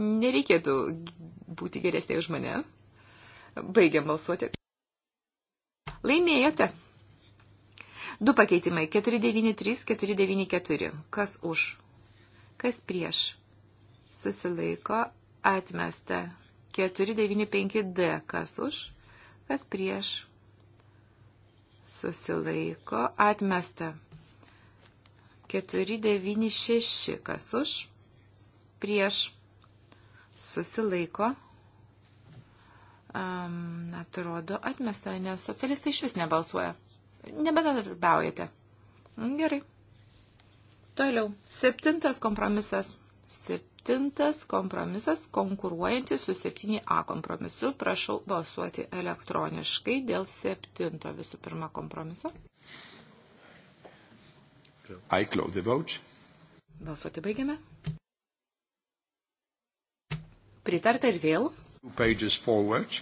nereikėtų būti geresnė už mane. Baigiam balsuoti. Laimėjote. Du pakeitimai. 493, 494. Kas už? Kas prieš? Susilaiko atmesta. 495D. Kas už? Kas prieš? Susilaiko atmesta. 496. Kas už? Prieš. Susilaiko um, atrodo, atmesta, nes socialistai iš vis nebalsuoja nebedarbiaujate. Mm, gerai. Toliau. Septintas kompromisas. Septintas kompromisas konkuruojantis su 7A kompromisu. Prašau balsuoti elektroniškai dėl septinto visų pirma kompromiso. I close the vote. Balsuoti baigiame. Pritarta ir vėl. Two pages forward.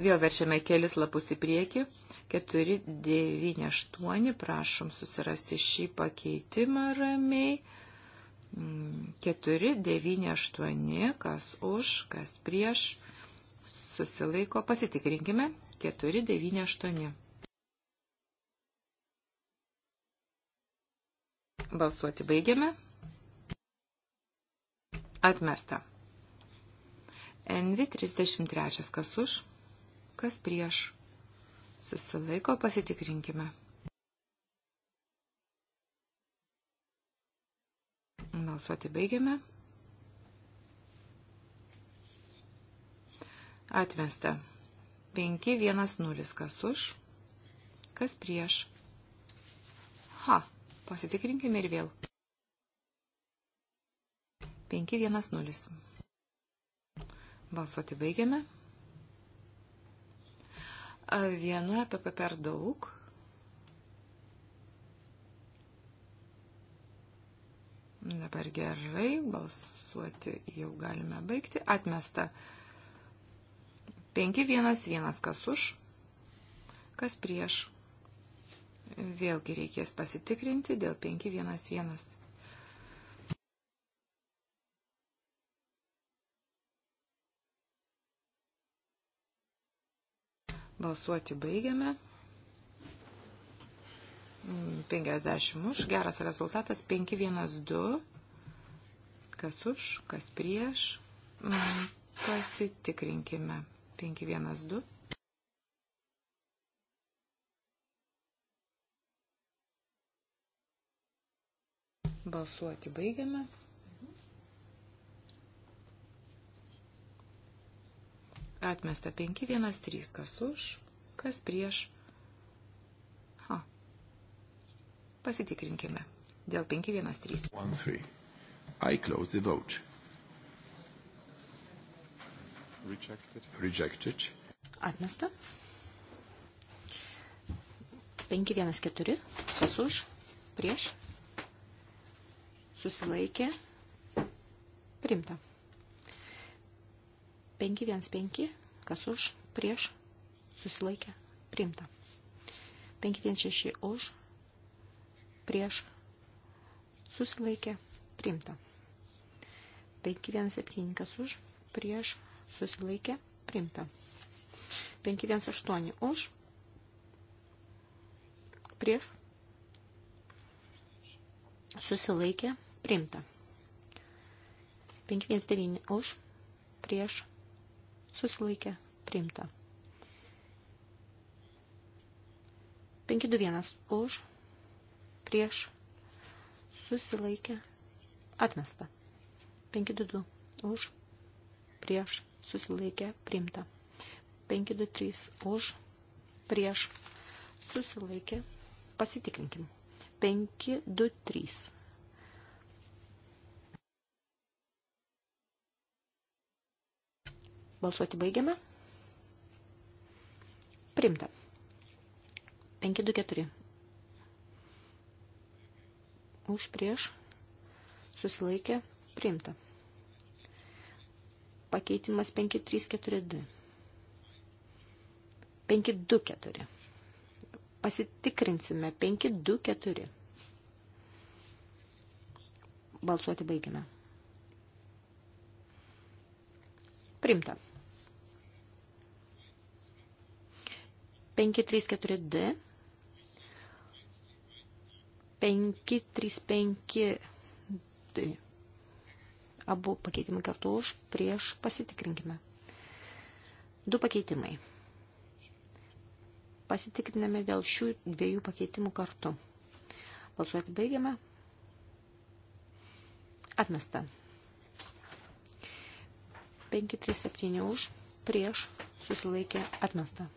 Vėl verčiame kelis lapus į priekį. 498, prašom susirasti šį pakeitimą ramiai. 498, mm, kas už, kas prieš, susilaiko, pasitikrinkime. 498. Balsuoti baigiame. Atmesta. NV 33, kas už kas prieš. Susilaiko pasitikrinkime. Balsuoti baigiame. Atmesta. 5-1-0. Kas už? Kas prieš? Ha. Pasitikrinkime ir vėl. 5-1-0. Balsuoti baigiame. Vienu EPP per daug. Dabar gerai, balsuoti jau galime baigti. Atmesta. 5-1-1, kas už, kas prieš. Vėlgi reikės pasitikrinti dėl 5-1-1. Balsuoti baigiame. 50 už, geras rezultatas, 512, kas už, kas prieš, mm, pasitikrinkime, 512. Balsuoti baigiame. Atmesta 513, kas už, kas prieš. Ha. Pasitikrinkime. Dėl 513. 1-3. I close the vote. Rejected. Rejected. Atmesta. 5-1-4. Kas už? Prieš? Susilaikė. Primta. 515, kas už, prieš, susilaikę, priimta. 516 už, prieš, susilaikę, priimta. 517 kas už, prieš, susilaikę, priimta. 518 už, prieš, susilaikė, priimta. 519 už, prieš, susilaikė, priimta. 521 už, prieš, susilaikė, atmesta. 522 už, prieš, susilaikė, priimta. 523 už, prieš, susilaikė, pasitikrinkim. 523. Balsuoti baigiame. Primta. 524. Už prieš susilaikė priimta. Pakeitimas 534D. 524. Pasitikrinsime 524. Balsuoti baigiame. Primta. 534D, 535D. Abu pakeitimai kartu už, prieš pasitikrinkime. Du pakeitimai. Pasitikriname dėl šių dviejų pakeitimų kartu. Balsuoti baigiame. Atmesta. 537 už, prieš, susilaikė, atmesta.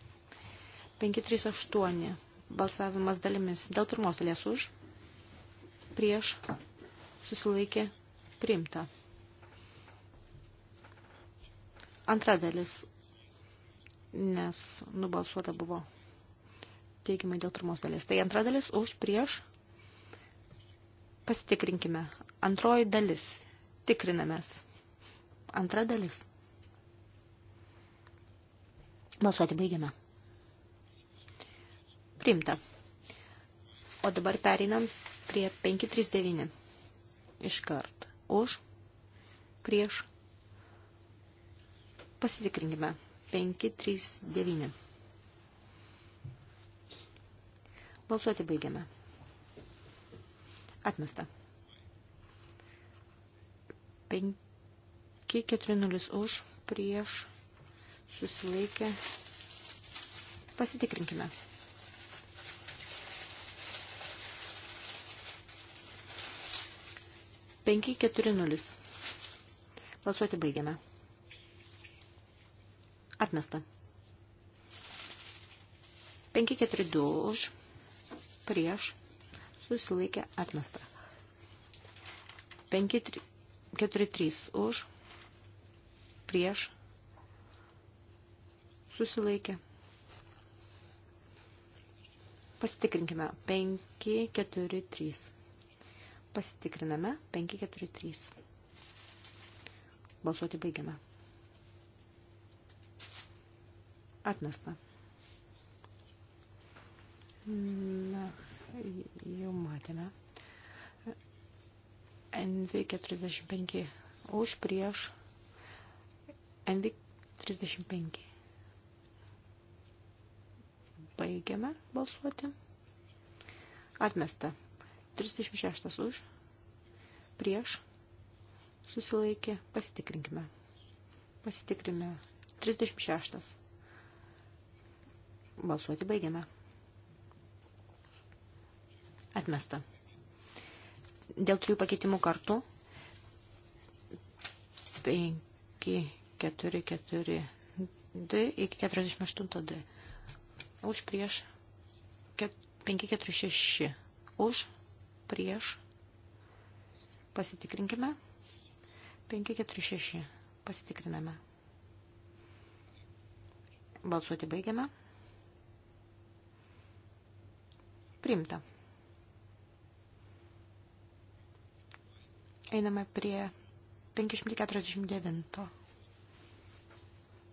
538 balsavimas dalimis. Dėl pirmos dalies už, prieš, susilaikė, priimta. Antra dalis, nes nubalsuota buvo teigiamai dėl pirmos dalies. Tai antra dalis už, prieš, pasitikrinkime. Antroji dalis, tikrinamės. Antra dalis. Balsuoti baigiame. Primta. O dabar perinam prie 539. Iškart. Už. Prieš. Pasitikrinkime. 539. Balsuoti baigiame. Atmesta. 5-4-0 už, prieš, susilaikę. Pasitikrinkime. 5-4-0. 5-4-0. Balsuoti baigiame. Atmesta. 5-4-2 už. Prieš. Susilaikė atmesta. 5-4-3 už. Prieš. Susilaikė. Pasitikrinkime. 5-4-3. Pasitikriname 543. Balsuoti baigiame. Atmesta. Na, jau matėme. NV45 už prieš NV35. Baigiame balsuoti. Atmesta. 36 už, prieš, susilaikė, pasitikrinkime. Pasitikrime. 36. Balsuoti baigiame. Atmesta. Dėl trijų pakeitimų kartų. 5, 4, 4, 2 iki 48 D. Už prieš 5, 4, 6. Už prieš. Pasitikrinkime. 546. Pasitikriname. Balsuoti baigiame. Primta. Einame prie 549.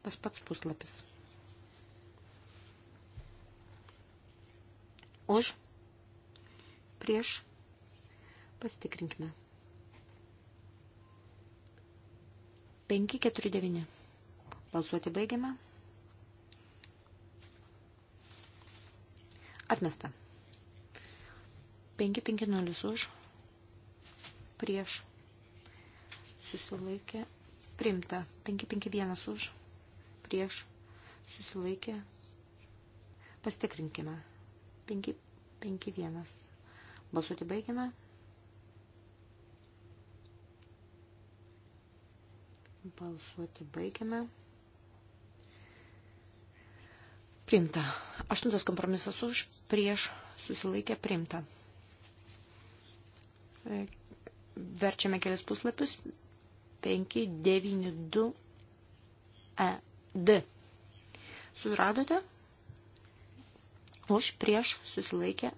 Tas pats puslapis. Už. Prieš. Pasitikrinkime. 549. Balsuoti baigiame. Atmesta. 550 už. Prieš. Susilaikė. Primta. 551 už. Prieš. Susilaikė. Pasitikrinkime. 551. Balsuoti baigiame. Balsuoti baigiame. Primta. Aštuntas kompromisas už, prieš, susilaikė, primta. E, verčiame kelias puslapius. 5, 9, 2, E, D. Suradote? Už, prieš, susilaikė,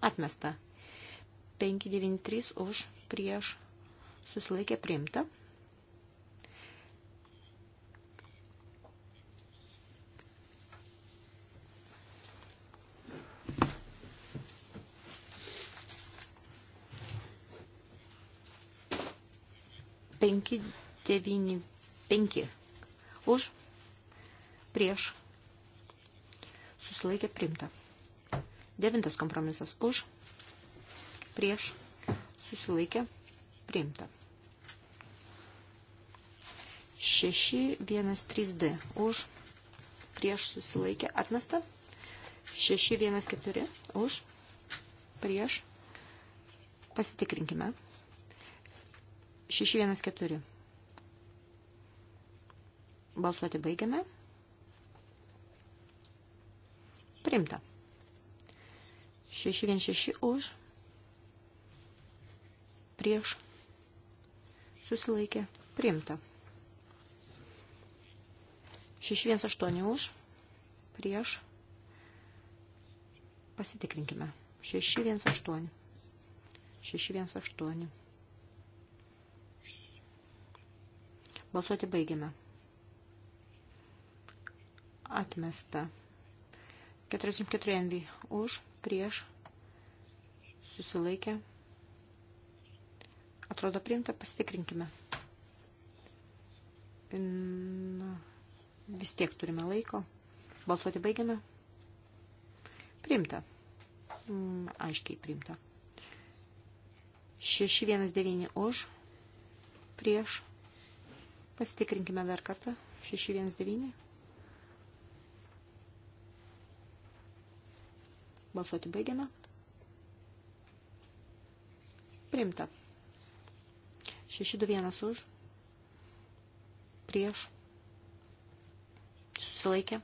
atmesta. 5, 9, 3, už, prieš, susilaikė, primta. 595 už prieš susilaikė primta. Devintas kompromisas už prieš susilaikė primta. 613D už prieš susilaikė atmesta. 614 už prieš pasitikrinkime. 614. Balsuoti baigiame. Primta. 616 už. Prieš. Susilaikė. Primta. 618 už. Prieš. Pasitikrinkime. 618. 618. Balsuoti baigiame. Atmesta. 44 envy. Už, prieš, susilaikę. Atrodo priimta, pasitikrinkime. Na, vis tiek turime laiko. Balsuoti baigiame. Priimta. Mm, aiškiai priimta. 619 už, prieš, Pasitikrinkime dar kartą. 619. Balsuoti baigiame. Priimta. 621 už. Prieš. Susilaikė.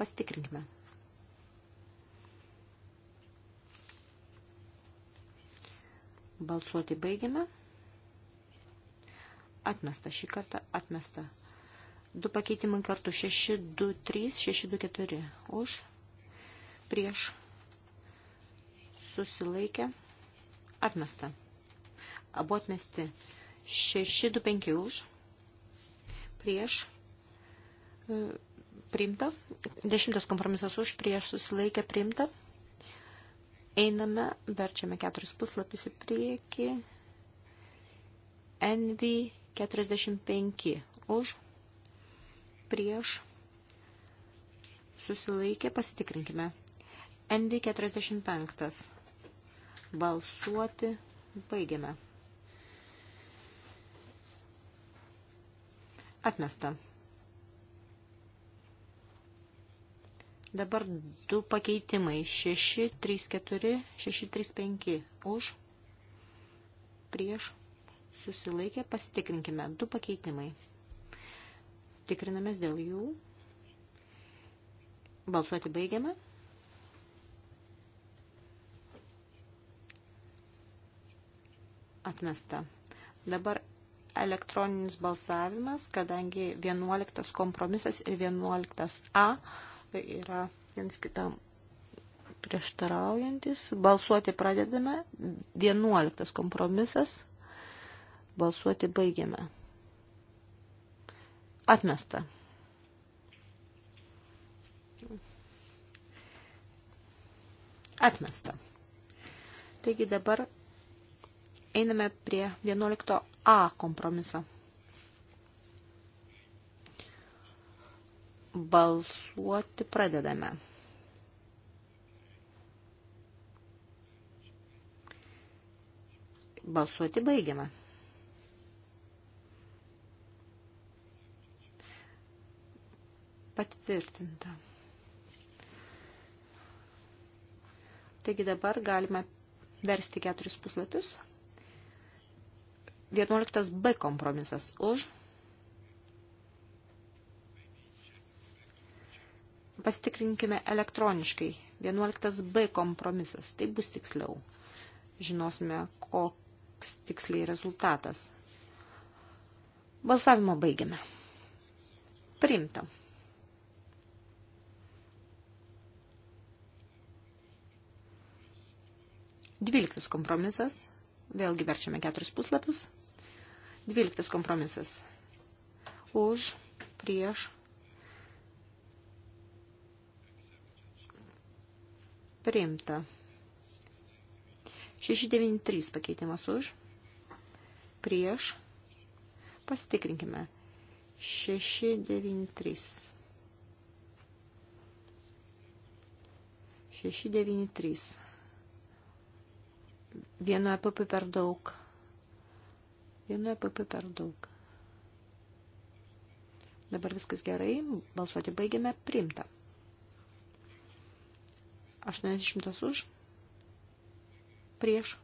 Pasitikrinkime. Balsuoti baigiame. Atmesta šį kartą, atmesta. Du pakeitimai kartu 6, 2, 3, 6, 2, 4. Už, prieš, susilaikę, atmesta. Abu atmesti 6, 2, 5 už, prieš, e, priimta. Dešimtas kompromisas už, prieš, susilaikę, priimta. Einame, verčiame keturis puslapius į priekį. Envy 45 už, prieš, susilaikė, pasitikrinkime. ND45. Balsuoti, baigiame. Atmesta. Dabar du pakeitimai. 6, 3, 4, 6, 3, 5. Už, prieš, susilaikė, pasitikrinkime. Du pakeitimai. Tikrinamės dėl jų. Balsuoti baigiame. Atmesta. Dabar elektroninis balsavimas, kadangi 11 kompromisas ir 11 A yra vienas kitam prieštaraujantis. Balsuoti pradedame. 11 kompromisas. Balsuoti baigiame. Atmesta. Atmesta. Taigi dabar einame prie 11a kompromiso. Balsuoti pradedame. Balsuoti baigiame. patvirtinta. Taigi dabar galime versti keturis puslapius. 11 B kompromisas už. Pasitikrinkime elektroniškai. 11 B kompromisas. Tai bus tiksliau. Žinosime, koks tiksliai rezultatas. Balsavimo baigiame. Priimtam. Dvyliktas kompromisas. Vėlgi verčiame keturis puslapius. Dvyliktas kompromisas. Už, prieš. Priimta. 693 pakeitimas už. Prieš. Pasitikrinkime. 693. 693. Vieno EPP per daug. Vieno EPP per daug. Dabar viskas gerai. Balsuoti baigiame. Priimta. 80 už. Prieš.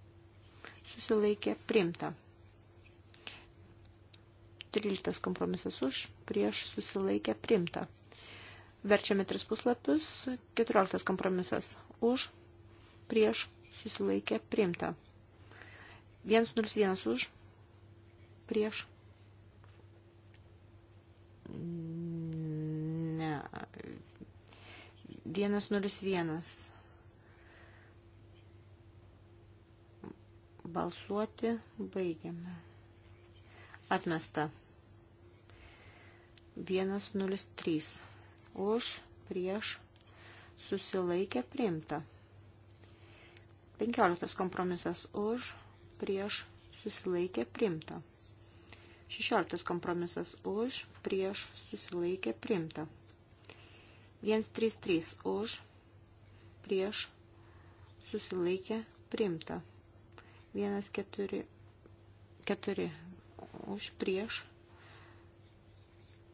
Susilaikė. Priimta. 13 kompromisas už. Prieš. Susilaikė. Priimta. Verčiame tris puslapius. 14 kompromisas už. Prieš susilaikė priimta. 101 už, prieš. Ne. 101. Balsuoti baigiame. Atmesta. 103. Už, prieš, susilaikė priimta. 15 kompromisas už, prieš, susilaikė, primta. 16 kompromisas už, prieš, susilaikė, primta. 133 už, prieš, susilaikė, primta. 144 už, prieš,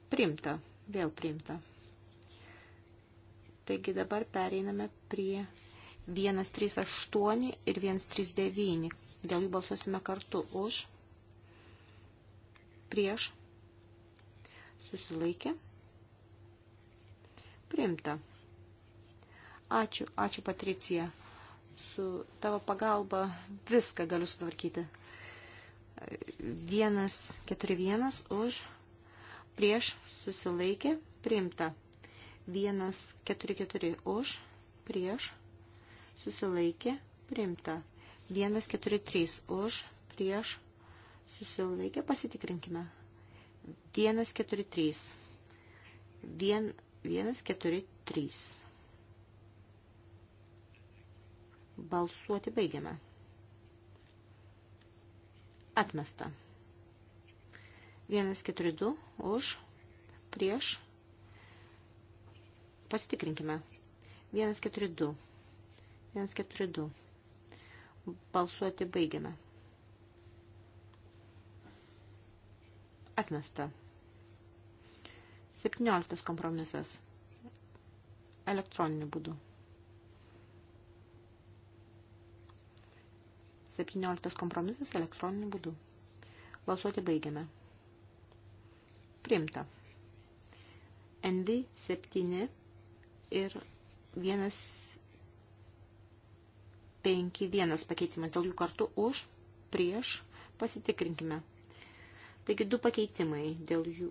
primta, vėl primta. Taigi dabar pereiname prie 138 ir 139. Dėl jų balsuosime kartu už, prieš, susilaikė, primta. Ačiū, ačiū Patricija. Su tavo pagalba viską galiu sutvarkyti. 141 už, prieš, susilaikė, primta. 144 už, prieš, susilaikė susilaikė, priimta. 143 už, prieš, susilaikė, pasitikrinkime. 143. 143. Balsuoti baigiame. Atmesta. 142 už, prieš, pasitikrinkime. 142. 142. Balsuoti baigiame. Atmesta. 17 kompromisas. Elektroniniu būdu. 17 kompromisas elektroniniu būdu. Balsuoti baigiame. Primta. NV 7 ir 1 5.1 pakeitimas. Dėl jų kartu už, prieš, pasitikrinkime. Taigi du pakeitimai dėl jų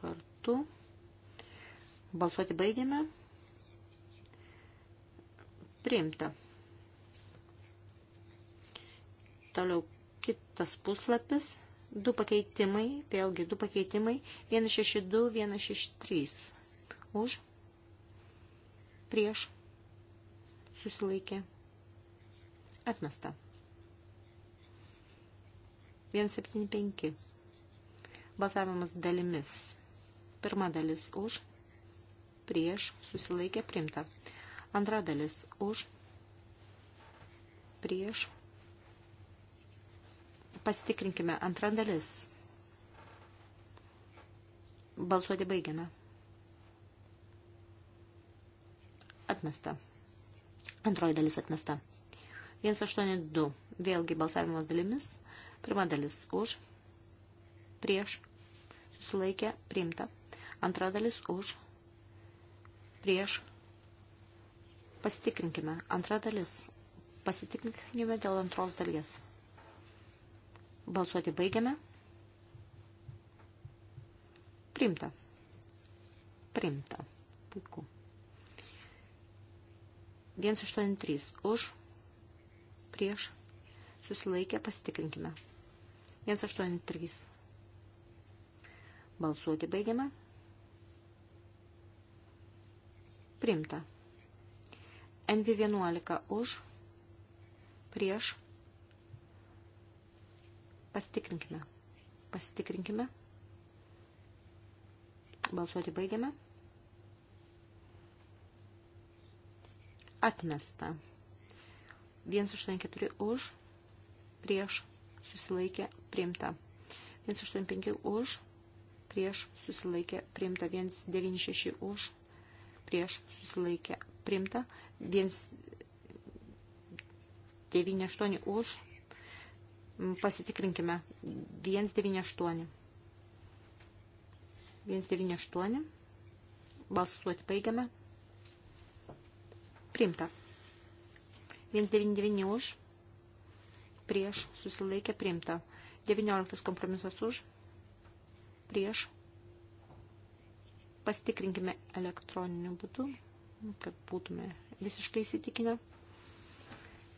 kartu. Balsuoti baigiame. Priimta. Toliau kitas puslapis. Du pakeitimai, vėlgi du pakeitimai. 162, 163. Už. Prieš. Susilaikė. Atmesta. 175. Balsavimas dalimis. Pirma dalis už, prieš, susilaikė primta. Antra dalis už, prieš. Pasitikrinkime antrą dalis. Balsuoti baigiame. Atmesta. Antroji dalis atmesta. 182. Vėlgi balsavimas dalimis. Pirma dalis už, prieš, susilaikė, priimta. Antra dalis už, prieš. Pasitikrinkime. Antra dalis. Pasitikrinkime dėl antros dalies. Balsuoti baigiame. Priimta. Priimta. Puiku. 183 už prieš, susilaikė, pasitikrinkime. 183. Balsuoti baigiame. Primta. NV11 už, prieš, pasitikrinkime. Pasitikrinkime. Balsuoti baigiame. Atmesta. 184 už, prieš, susilaikė, priimta. 185 už, prieš, susilaikė, priimta. 196 už, prieš, susilaikė, priimta. 198 už, pasitikrinkime. 198. 198. Balsuoti baigiame. Priimta. 199 už, prieš, susilaikė, priimta. 19 kompromisas už, prieš. Pasitikrinkime elektroniniu būdu, kad būtume visiškai įsitikinę.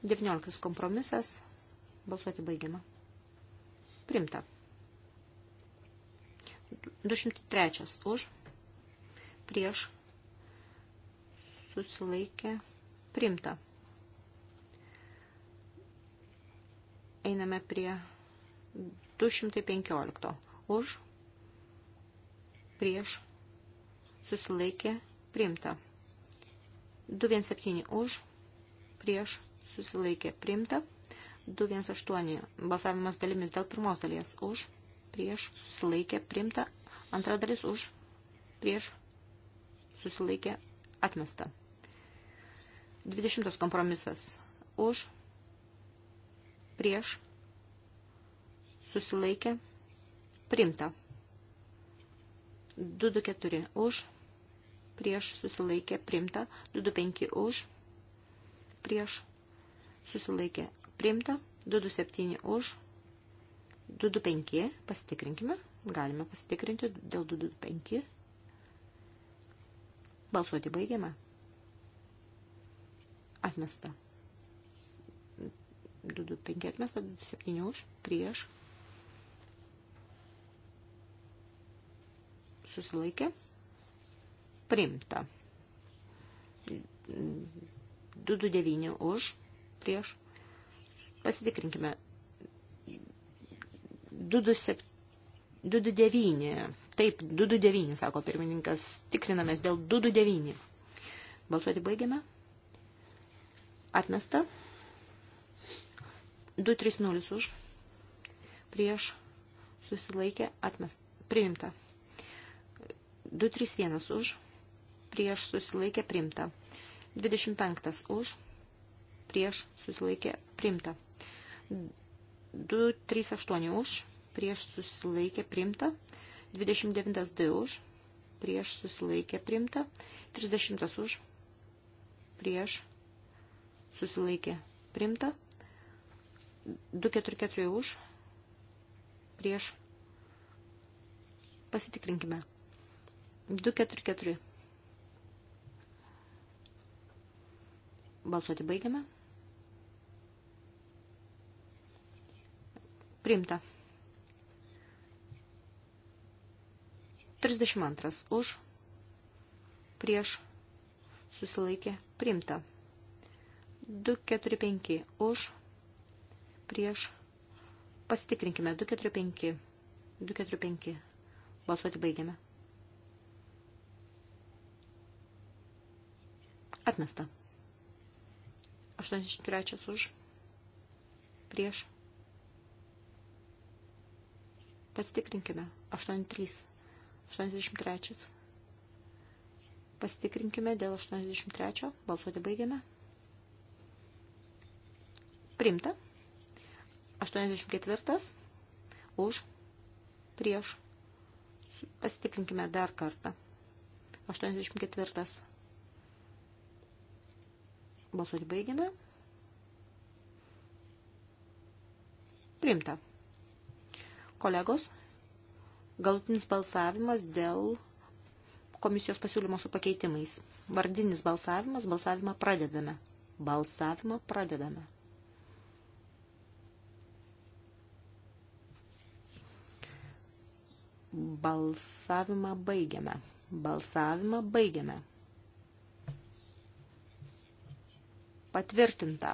19 kompromisas, balsuoti baigiama. Primta. 203 už, prieš, susilaikė, primta. Einame prie 215. Už, prieš, susilaikė, priimta. 217 už, prieš, susilaikė, priimta. 218 balsavimas dalimis dėl pirmos dalies už, prieš, susilaikė, priimta. Antra dalis už, prieš, susilaikė, atmesta. 20 kompromisas už, prieš, susilaikė, primta. 224 už, prieš, susilaikė, primta. 225 už, prieš, susilaikė, primta. 227 už, 225, pasitikrinkime, galime pasitikrinti dėl 225. Balsuoti baigiame. Atmesta. 225 atmesta, 7 už, prieš. Susilaikė. Primta. 229 už, prieš. Pasitikrinkime. 227. 229. Taip, 229, sako pirmininkas. Tikrinamės dėl 229. Balsuoti baigiame. Atmesta. 230 už, prieš, susilaikė, atmest, priimta. 231 už, prieš, susilaikė, priimta. 25 už, prieš, susilaikė, priimta. 238 už, prieš, susilaikė, priimta. 29 D už, prieš, susilaikė, priimta. 30 už, prieš, susilaikė, priimta. 244 už, prieš, pasitikrinkime, 244. Balsuoti baigiame. Priimta. 32 už, prieš, susilaikė, priimta. 245 už, prieš. Pasitikrinkime 245. 245. Balsuoti baigiame. Atmesta. 83 už. Prieš. Pasitikrinkime. 83. 83. Pasitikrinkime dėl 83. Balsuoti baigiame. Primta. 84 už prieš. Pasitikrinkime dar kartą. 84. Balsuoti baigiame. Priimta. Kolegos, galutinis balsavimas dėl komisijos pasiūlymo su pakeitimais. Vardinis balsavimas, balsavimą pradedame. Balsavimą pradedame. Balsavimą baigiame. Balsavimą baigiame. Patvirtinta.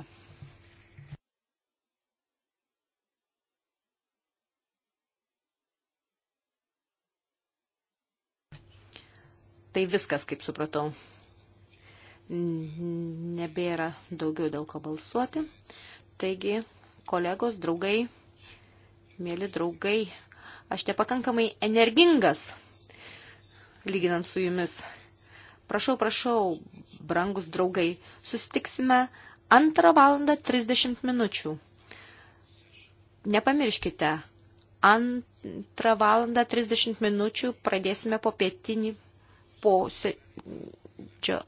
Tai viskas, kaip supratau. Nebėra daugiau dėl ko balsuoti. Taigi, kolegos, draugai, mėly draugai, Aš nepakankamai energingas, lyginant su jumis. Prašau, prašau, brangus draugai, susitiksime 2 valandą 30 minučių. Nepamirškite, 2 valandą 30 minučių pradėsime po pietinį posėdžio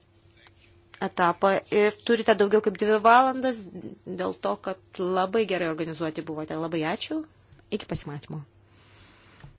etapą ir turite daugiau kaip 2 valandas dėl to, kad labai gerai organizuoti buvote. Labai ačiū. Iki pasimatymo.